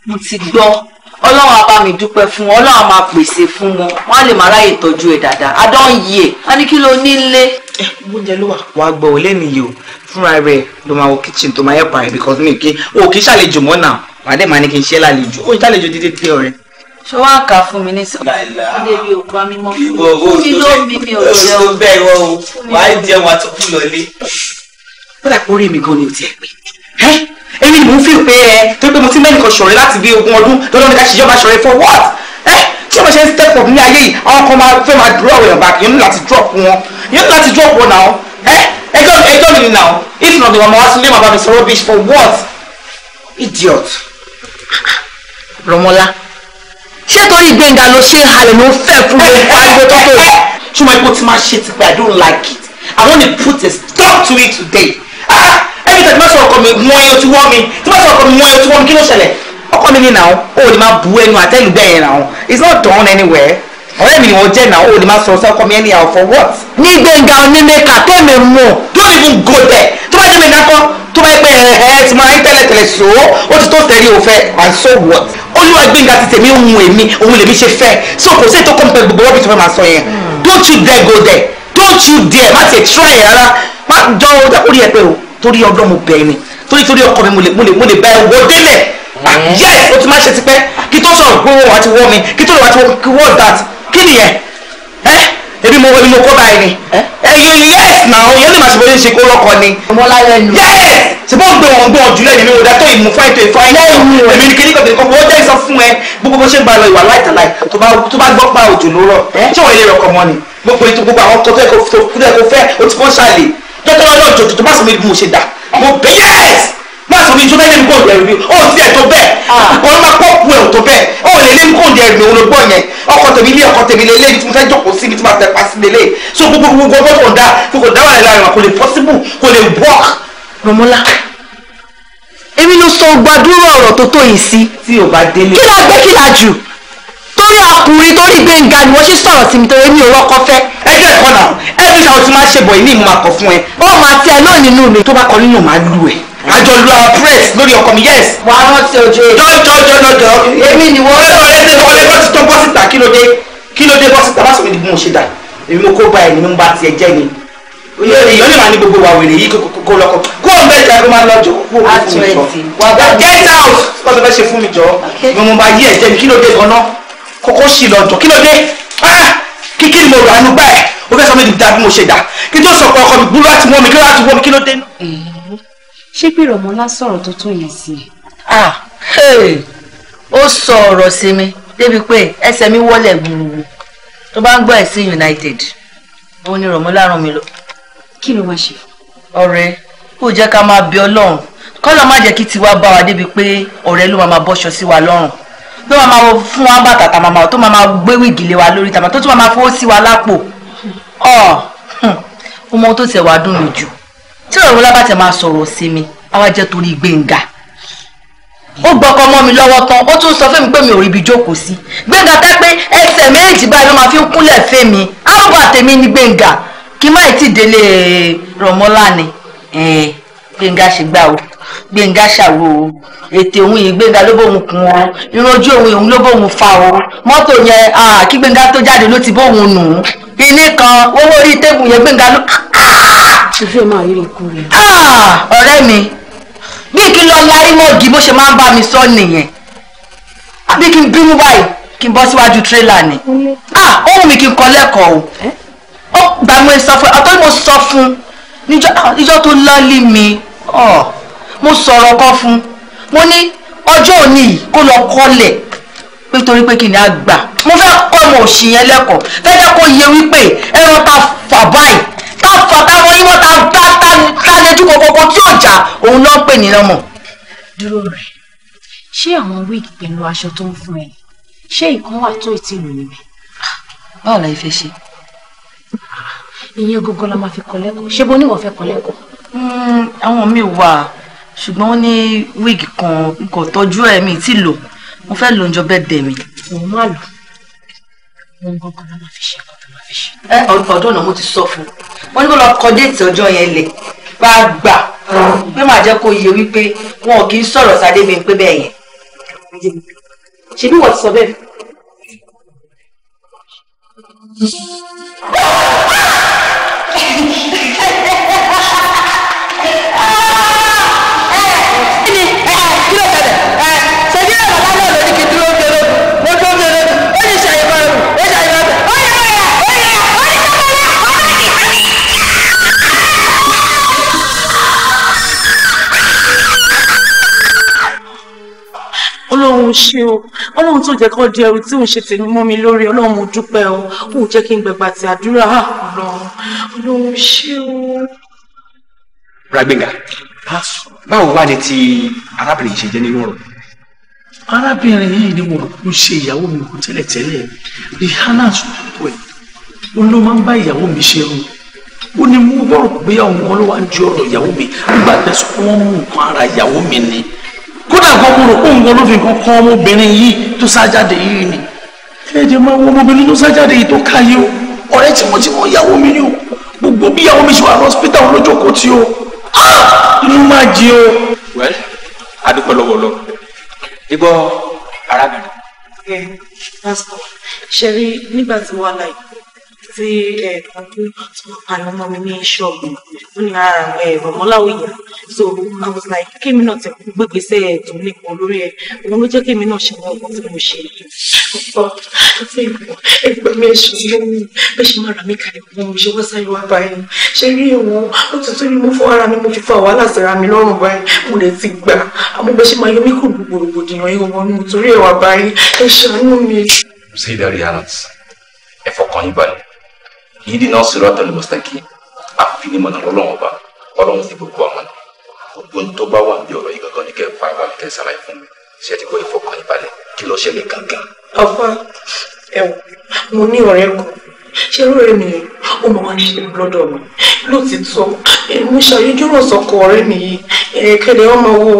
mo ti gbọ́ ọlọ́run á bá mi dúpẹ́ fún wọn ọlọ́run á máa pèsè fún wọn wọn á lè máa ráyè tọ́jú ẹ̀ dáadáa adán yìí ẹ̀ á ní kí ló ní lé. ẹ eh, oúnjẹ ló wà wàá gbọ́ ò lẹ́nu yìí o fúnra rẹ ló máa wọ kitchen tó máa help ẹ because mi kí o kì í ṣàlejò mọ́ náà wàá dẹ̀ máa ní kí n ṣe lálejò o ṣàlejò dídé dé ọ̀rẹ́. ṣé wàá kà fún mi ní sọ. ilé mi ò bá mi mọ́ ò jẹun èmi ni mò ń fi pé ẹ tó pé mo ti mẹ́rin kan ṣọ̀rẹ́ láti bí ogún ọdún lọ́dọ́ ní ká ṣe ìjọba ṣọ̀rẹ́ for what tí mo ṣe ń step up ní ayé yìí àwọn kan máa fẹ́ máa draw your back yẹn ní láti drop wọn yẹn ní láti drop wọn náà ẹjọ́ ẹjọ́ mi ni náà if not ọmọ wa sílé màbá mi sọ rubbish for what idiot. Rọmọlá ṣé torí Gbénga ló ṣe ń halẹ̀ ló ń fẹ́ fún mi pariwo tó tó yẹ. ṣùgbọ́n ipò tí máa ṣe ti pé I don't like it I want to put a stop to it today. Ah! ẹni tẹ̀ tí bá sọ ọkọ mi mú ẹyọ tí wọ́n mi tí bá sọ ọkọ mi mú ẹyọ tí wọ́n mi kí ló ṣẹlẹ̀ ọkọ mi ni nà ó ò lè máa bu ẹnu àtẹ́lù bẹ́ẹ̀ nà ó it's not done anywhere ọ̀rẹ́ mi ni wọ́n jẹ́ nà ó ò lè máa sọ ọsẹ ọkọ mi ẹni àwọn for what. ní gbẹ̀ngà onímẹ̀ka tẹ́mi mọ̀ yóò lè go. gòdẹ̀ tó bá jẹ́mi dákọ́ tó bá pẹ́ ẹ̀ẹ́ eh, eh, ti máa ń tẹ́lẹ̀ tẹ́lẹ̀ so ó ti tó tẹ̀lé òfẹ́ and so what. olúwa gbẹ̀ngà ti tèmi ohun èmi ohun lèmi ṣe fẹ́ so kò sí ètò kọ́ńpẹ́ gbogbo wọ́n bí tó fẹ́ máa sọ yẹn don't you dare go there don't you dare má ti try rárá má jọ orí ẹ pé o torí ọdún mo bẹ̀ ni torí torí ọkọ mi mo lè mo lè mo lè bá ẹ délẹ̀ ah, mm-hmm. yes o ti máa ṣe tipẹ́ kí tó sọ̀rọ̀ pé wọ́n wá ti wọ́ mi kí tó lè wá ti wọ́ mi wọ́n dat kí nìyẹn ẹ eh? ebi mo ebi mo kọ́ báyìí ni ẹ eh? eh, yes na o yẹn lè máa ṣe bó ṣe ṣe kó lọ́kọ ni. ọmọláyé yes ṣe bó ń gbé wọn gbé wọn jùlọ èmi ò dá tó ìmú fáìtò ìfáìtò èmi ni kìnnìkan kìnnìkan wọ́n jẹ́ ìsọ fún ẹ gbogbo bó ṣe ń ba lọ ìwà láìtàláì tó bá gbọ́ pa òjò ló ṣé wọ́n ilé rẹ̀ kọ́ mọ́ ni gbogbo ètò gbogbo àwọn tó fẹ́ kó fẹ́ o ti fọ́n ṣàlè jọ́jọ́ lọ́jọ́ jòjò tó má sọ mi bí mo ṣe dà mo bẹ yẹ́s má sọ mi tó bẹ́ẹ̀ lẹ́nu kóòdù ẹ̀rù mi ó ti ẹ̀ tó bẹ́ẹ̀ wọ́n máa pọ̀ pu ẹ̀rù tó bẹ́ẹ̀ ó lè lẹ́nu kóòdù ẹ̀rù mi òun ló gbọ́ yẹn ọkọ tèmi lé ọkọ tèmi lé lébi tí mo fẹ́ jọ̀kọ́ sí ibi tí mo fẹ́ pa sí lélẹ̀ so gbogbo gbogbo ọgbọ́n tó ń da kókò dá wàhálà rẹ̀ kò lè possible kò lè work. Rọmọlá èmi ló sọ gbàdúrà ọ̀rọ̀ tó tó yìí sí kí la gbé kí la jù lórí ọkùnrin tó rí gbẹ̀ngà ni wọ́n ṣe sọ̀rọ̀ sí mi torí mi ò rọ́kọ fẹ́. ẹ jẹ́ ẹ̀kọ́ náà ẹbí náà ti máa ṣe bọ̀ ìní ìmú àkọ́ fún ẹ. ó máa tẹ lónìí nínú mi tó bá kọ nínú màá lù ẹ. àjọ lu àwọn press lórí ọkọ mi yes. wàá rántí ojú ẹ. jọjọ jọjọ jọ èmi ni wọ́n. ẹ̀rọ ẹ̀ ṣe wọlé bọ́sì tó bọ́sìtà kí ló dé kí ló dé bọ́sìtà ní mo ní gbogbo wa wèrè yìí kó lọkọ kó o mẹ́rin tàbí máa lọ jọ kó o fún mi jọ wà á get out kó o fẹ́ ṣe fún mi jọ mo mọ bá yí ẹ̀ jẹ́ mi kí ló dé gan kókó sì lọ jọ kí ló dé kíkí ah! ni mo rà ánú gbà ẹ mo fẹ́ sọ mi dá bí mo ṣe dá kí tó sọ pé ọkọ mi gbúrú láti wọ́ mi kí ló láti wọ́ mi kí ló dé. Eh, ṣé pé Rọ̀mọ́lá sọ̀rọ̀ tó tó yẹn sí i. Ah, ó sọ ọ̀rọ̀ sí mi débi pé ẹsẹ̀ mi wọlé gbùrùgbù tó bá ń gbọ́ ẹ̀ sí United òun ni Rọ̀mọ́lá ràn mí lọ. kí ló wá ṣe. ọ̀rẹ́ kò jẹ́ ká máa bí Ọlọ́run kọ́lọ́ má jẹ́ kí tiwa bá wa débi pé ọ̀rẹ́ ló máa máa bọ́ṣọ sí wa lọ́rùn tó máa máa fún wa bàtà tá máa tó máa máa gbé wíìgì lé wa lórí tàmá tó tún máa máa fowó sí wa lápò ọ ọmọ tó tiẹ̀ wá dùn lójú tí òun lábà tẹ̀ máa sọ̀rọ̀ sí mi àwa jẹ́ torí Gbénga ó gbọ́kọ mọ́ mi lọ́wọ́ tán ó tún sọ fẹ́mi pé mi ò rí ibi jókòó sí Gbénga ká pé ẹsẹ̀ méjì báyìí ló máa fi ń kúnlẹ̀ fẹ́mi arúgbó àtẹ̀mí ni Gbénga kí má ì tí délé eh, Rọ̀mọ́lá ni Gbénga ṣe gbà o gbẹ̀ngà ṣàwo ètè òun yìí gbẹ̀ngà ló bóun kùn o irun ojú òun òun ló bóun fa o mọ́tò yẹn kí gbẹ̀ngà tó jáde ló ti bóun nù ilé kan owó orí tébù yẹn gbẹ̀ngà ló. ìfẹ́ máa yí ikú rẹ̀. ọ̀rẹ́ mi bí kí n lọ larí mọ́ọ̀gì bó ṣe máa ń bá mi sọ nìyẹn àbí kí n bínú báyìí kí n bọ́ síwájú tírélà ni ohun mi kì í kọ lẹ́kọ̀ọ́ o gbàmú ẹ sọ fún ẹ mo sọ fún níjọ́ tó lọ́ọ́lì mi mo sọ̀rọ̀ kan fún mo ní ọjọ́ òní yìí kó lọ kọ́lẹ̀ nítorí pé kí ni a gbà mo fẹ́ kọ́ ọmọ òṣì yẹn lẹ́kọ̀ọ́ fẹ́jẹ́ kó yẹ wípé ẹran ta fà báyìí ta fà ta wọ́n yíwọ́ ta bá ta lẹ́jú kọ̀kọ̀kọ̀ tí ọjà òun náà pè ní lọ́mọ. dúró rẹ̀ ṣé àwọn wíìgì pẹ̀lú aṣọ tó ń fún ẹ ṣé ìkan wà tó ìtì lò níbẹ̀. báwo la ìfẹ́ ṣe. ìyẹn gógó la máa fi kọ́ lẹ́kọ̀ọ́ ṣé bó ní wọ́n fẹ́ kọ́ lẹ́kọ̀ọ́. Hmm, àwọn mi wà ṣùgbọ́n ó ní wíìgì kan kò tọ́jú ẹ̀ mi tí lò mo fẹ́ lò ń jọ bẹ́ẹ̀ dẹ̀ mi. òun máa lò wọn gbọ́ngàn ló máa fi ṣe nǹkan tó máa fi ṣe. ẹ ọ̀dọ́ ọ̀nà mo ti sọ fún un wọ́n ní kó lọ kọ déètì ọjọ́ yẹn lẹ̀ bá a gbà pé màá jẹ́ kó yẹ wípé wọn kì í sọ̀rọ̀ sáadé mi pé bẹ́ẹ̀ yẹn. ṣé bí wọ́n ti sọ bẹ́ẹ̀. ọlọ́run ṣe o ọlọ́run tó jẹ́ kó di ẹrù tí òun ṣe tèmi mọ́ mi lórí ọlọ́run mo dúpẹ́ o kò jẹ́ kí n gbẹ̀gbà ti àdúrà ah, ọlọ́run ọlọ́run ṣe o. Ràgbéǹga báwo wá ni ti arábìnrin ṣe jẹ́ nínú ọ̀rọ̀ arábìnrin yìí ni mo rò ṣe ìyàwó mi kò tẹ́lẹ̀ tẹ́lẹ̀ rihanna sọ̀rọ̀ ẹ̀ ó ló máa ń bá ìyàwó mi ṣe rú ó ní mú bọ́rọ̀ pé àwọn ọlọ́wà ń ju ọ̀rọ̀ ìyàwó ni kódà kan mo rò pé nǹkan ló fi nǹkan kan ọmọbìnrin yìí tó sájáde yìí ni kéde máa wọ ọmọbìnrin tó sájáde yìí tó káyé o ọ̀rẹ́ tí mo ti mọ ìyàwó mi ni o gbogbo bí ìyàwó mi ṣe wà lọ́sípítà olójókòó tí o inú máa jẹ o. wẹ́ẹ́ adúpẹ́ lọ́wọ́ lọ ibọ arábìnrin. ṣe rí nígbà tí wọ́n wá láì tí kan tí wọ́n paná mọ́ mi ní ṣọ́ọ̀bù ó ní ara ah, ẹ̀ eh, rọ̀mọ́láwò ìyá so i was like kémi náà ti gbégbèsè tó nípa olórí ẹ̀ òun ló jẹ́ kémi náà ṣe wọ́n ọkọ tí mo ṣe ọ̀pọ̀ àti ìgbọ̀ ẹgbẹ́ mi ẹ̀ṣọ́ lóhùn bẹ́ẹ̀ ṣe máa rà mí kalẹ̀ fún mi ṣe wọ́n sáré wá báyìí ṣe rí ìwọ̀n ó ti tún ní mo fọ́ ara mi mo fi fa wàhálà síra mi lọ́rùn báyìí mo lè ti gbà àmọ́ bẹ́ẹ̀ ṣe máa yọ mí kù gbogbo rògbòdìyàn ìwọ̀n mo torí ẹ̀ wá báyìí ẹ ṣàánú mi. say that realize ẹ fọkàn yín balẹ̀ ìdínà siratal mustaqim àfinimọ̀nà lọ́lọ́wọ́n ọba ọlọ́run ti gbogbo àwọn gbogbo ń tó bá wà ní ọ̀rọ̀ yìí gangan ní kẹ́ fa ìwà ní kẹ́ sàlàyé fún mi ṣe ti gbọ́ ìfọkànbalẹ̀ kí ló ṣẹlẹ̀ gangan. ọ̀fọ̀ ẹ̀wọ̀n mo ní ọ̀rẹ́ kan ṣé irú rẹ̀ nìyẹn ó mọ̀ wọ́n ṣe lọ́dọ̀ mi lótìtọ́ mo ṣàyẹjúrò sọkọ ọ̀rẹ́ mi yìí ẹ̀ẹ́kẹ́lẹ́ ọmọ wo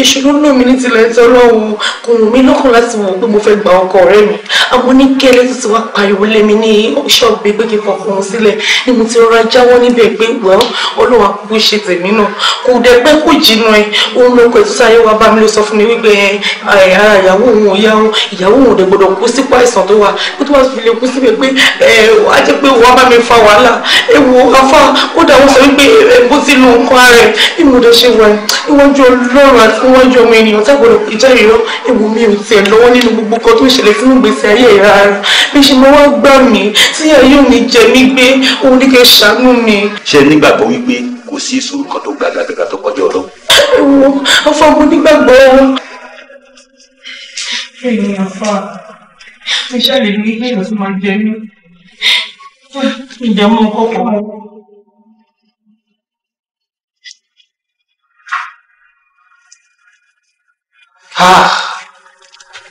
ìṣòro lómi ní tilẹ̀ tí ọlọ́run kò rùn mí lọ́kàn láti wò pé mo fẹ́ gba ọkọ ọ̀rẹ́ mi àwọn oníkẹ́lẹ́ tó ti wá pariwo lé mi ní ṣọ́ọ̀bù pé kí n fọkùn sílẹ̀ ni mo ti rọra jáwọ́ níbẹ̀ pé wọ́n ọlọ́run àkókò ṣe tèmi náà kò dẹ̀ pé kò jìnnà ẹ̀ òun ló kọ ètò sáyé wa bá mi ló sọ fún mi wípé ara ìyàwó òun ò yá òun ìyàwó òun ò dẹ̀ gbọdọ̀ kú sípò àìsàn tó wà pé tó wà fi lè kú síbẹ̀ pé ẹ̀ a jẹ́ pé wọ́n bá mi fa wàhálà ewu afá ó dàwọ́ sọ wípé bó ti lu nǹkan rẹ̀ ìmọ̀ òde ṣe wà iwájú ọlọ́run àti iwájú ọmọ ènìyàn tábọ̀dọ̀ kì í jẹ́ ewu mi ò tiẹ̀ lọ́wọ́ nínú gbogbo kan tó ń ṣẹlẹ̀ sínú ìgbésí ayé ìra rẹ̀ bí ṣe mo wá gbà mí tí ayé ò ní jẹ mí gbé òun ní kí ṣàánú mi. ṣe nígbàgbọ́ wípé kò sí ìṣòro kan tó gbàgbàgbà tó kọjá ọlọ́run. ewu afọ mo nígbàgbọ́ ènìyàn fa iṣẹ́ lè ní ilé ìwòsàn máa jẹ Ǹjẹ́ mú kọ́kọ́ mú?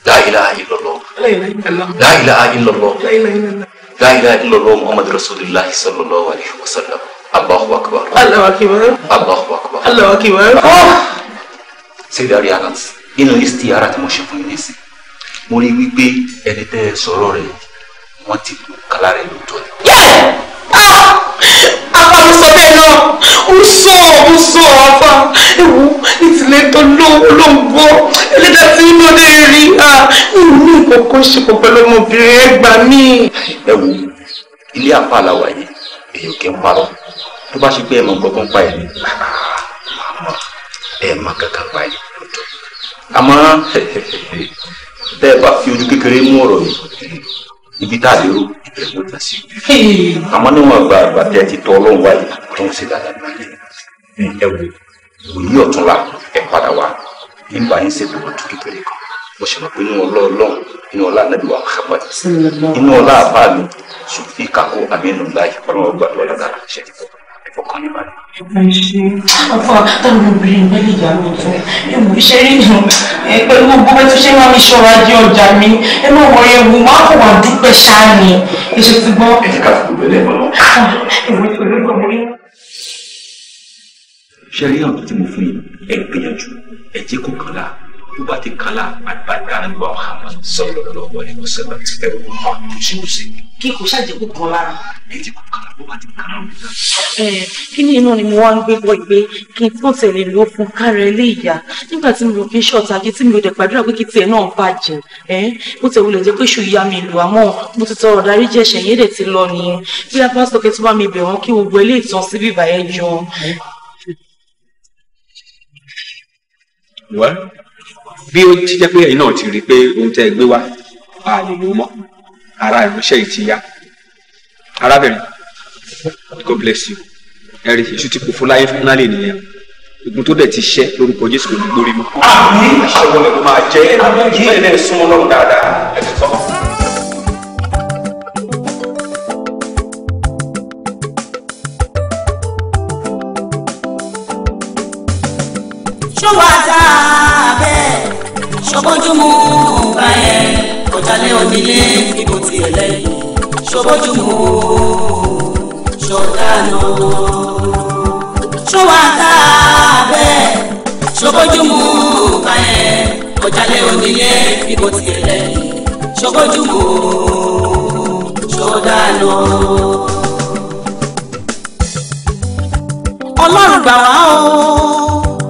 La ilaha illallah. La ilaha illallah. La ilaha illallah Muhammad Rasulullah sallallahu alaihi wasallam. Allahu akbar. Allahu akbar. Allahu akbar. Allahu akbar. Ṣé ah! dárí Anas? Inú istiyara wọ́n ti lu kala rẹ̀ lóòótọ́ ni. àbá ah! mo sọ bẹ́ẹ̀ náà ó sọ ó sọ àbá ewu ìtìlẹ̀ tó lówó ló ń gbọ́ ẹlẹ́dà tí inú dé rí ìwú ah, ní ìkókó ṣe kò pẹ̀lú ọmọbìnrin ẹ gbà mí. ẹ wò ilé àpá làwà yìí èyí ò kí ń parọ́ tó bá ṣe pé ẹ̀ mọ̀ gbọ́ngàn pa ẹ̀ ní ẹ̀ má kankan pa ẹ̀ àmọ́ bẹ́ẹ̀ bá fi ojú kékeré mú ọ̀rọ̀ yìí ibi tá a lérò ibẹ̀ ló dá sí. àmọ́ níwọ̀n àgbà àgbà tẹ́ ti tọ́ ọlọ́run wáyé tó ń ṣe dáadáa nílẹ̀ ẹ wò wòlíì ọ̀túnla ẹ padà wá nígbà yín ṣètò ọdún kékeré kan mo ṣe mọ̀ pé inú ọlọ́ ọlọ́run inú ọlá nàbí wa kápá inú ọlá àbá mi sùn fi kàkó àmì ẹnu láyé ọlọ́run gbàdúrà dáadáa ṣe é fọkàn ní balẹ̀. ẹ ṣe ọfọ táwọn obìnrin pẹ̀lú ìyá mi tó ẹ mú iṣẹ́ rí nù ẹ pẹ̀lú gbogbo bẹ tó ṣe máa mi ṣọ́ra di ọjà mi ẹ má wọ ewu má kò wá dúpẹ́ ṣáà ni ẹ ṣe ti gbọ́. ẹ ti ká fún gbogbo ẹlẹ́gbọ̀n lọ. ṣe rí àwọn tó ti mú fún yín ẹ gbìyànjú ẹ jẹ́ kó kàn láà tó kala àgbàdà ń bọ̀ hàn sallallahu alaihi wasallam ti tẹ̀ wọ́n hàn kò sí kò sí. kí kò ṣàjẹ́ kala bó kala Eh, kini ẹ kí ni inú ni mo wá ń gbé bọ ìgbé kí n tó tẹ̀lé ló fún kárẹ̀ ilé ìyá nígbà tí mo lò fi ṣọ̀tà kí tí mi ò dẹ̀ gbàdúrà pé kí tiẹ̀ náà bàjẹ́ ẹ bó tẹ̀ wulẹ̀ ya mi lù mo ti tọrọ darí jẹ́ ẹ̀ṣẹ̀ yédè ti lọ nìyẹn bí a bá sọ mi bẹ̀ wọ́n kí gbogbo ilé ìtàn síbí ìbàyẹn jọ. Well, bí ó ti jẹ́ pé ẹ̀yin náà ti rí i pé ohun tẹ́ ẹ gbé wá a lè mọ́ ara ìránṣẹ́ yìí ti yá arábìnrin God bless you ẹ̀rí èṣù ti kò fún láyé fúnálẹ̀ nìyẹn ogun tó dẹ̀ ti ṣẹ́ lórúkọ Jésù kò ní gbórí mọ́. àmín ìṣẹ́wọlẹ̀ ló máa jẹ́ ẹ̀yin náà súnmọ́ lọ́rùn dáadáa ẹ̀sìn sọ́kàn. ṣòbójúmu ọba ẹ ọ̀dàlẹ̀ onílé ipò tiẹ̀ lẹ́yìn ṣòbójúmu ṣọ̀dánù ṣọwọ́ta bẹ́ẹ̀ ṣòbójúmu ọba ẹ ọ̀dàlẹ̀ onílé ipò tiẹ̀ lẹ́yìn ṣòbójúmu ṣọ̀dánù. ọlọ́run gbà wá o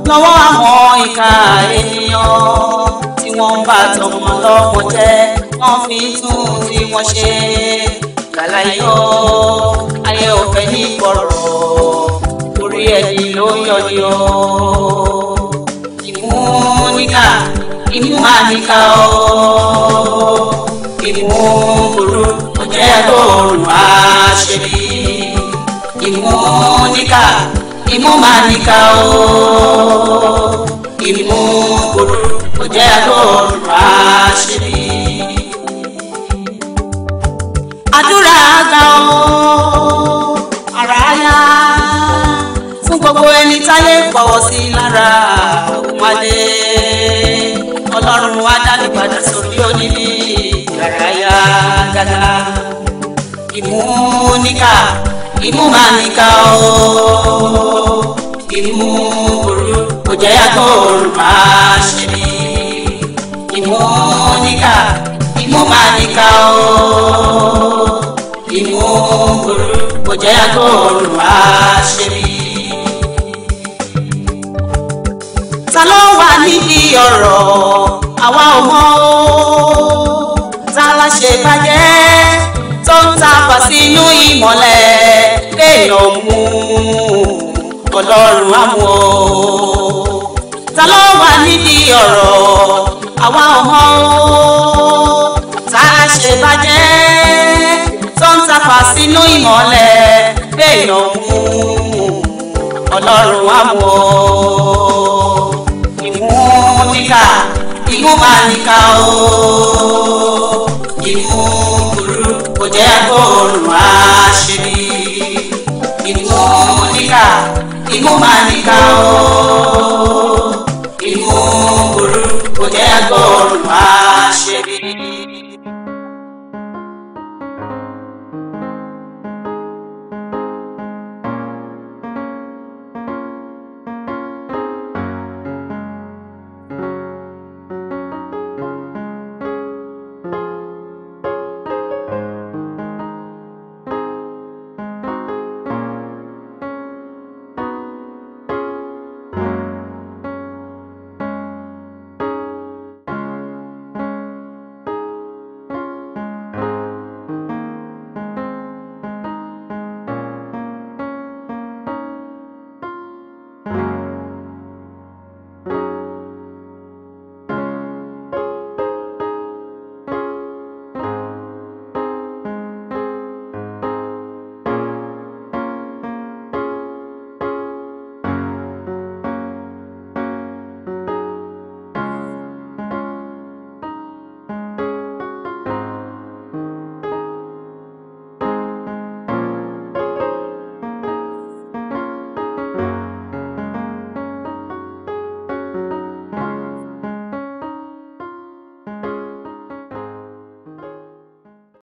lọ́wọ́ àwọn ìka ènìyàn wọ́n bá tọmọ lọ́mọ jẹ́ wọ́n fi tún tí wọ́n ṣe kàlàyò ayé òfẹ́ ní ìgbọ̀rọ̀ orí ẹni ló yọyọ. ìmú níkà ìmú máa níkà o ìmú burú ọjọ́ ẹ̀kọ́ òrùn àṣẹbí ìmú níkà ìmú máa níkà o ìmú burú kò jẹ́ àlóòrùn àṣírí. àdúrà ga ọ́ ara yá fún gbogbo ẹni táyé fọwọ́ sí lára òpàdé ọlọ́run wa dábì padà sórí onílé yàrá yá dáadáa ìmú níkà ìmú máa níkà ọ́ ìmú òru kò jẹ́ máa ṣe ni ìmúníkà ìmúmáníkà o ìmúgbòrò kò jẹ́ àgọ́ olùwàṣẹ́bí. ta ló wà níbi ọ̀rọ̀ àwa ò mọ̀ o ta la ṣe bàjẹ́ tó ń tapà sínú ìmọ̀lẹ̀ léèyàn mú ló wà níbi ọ̀rọ̀ àwa ọ̀hán o tá a ṣe bàjẹ́ tó ń tapà sínú ìmọ̀lẹ̀ gbẹ̀yàn mú ọlọ́run wá mọ́ ìmú níkà ìmú máa níkà o ìmú burú kò jẹ́ agbóhùn àṣírí ìmú níkà ìmú máa níkà o. ao ar.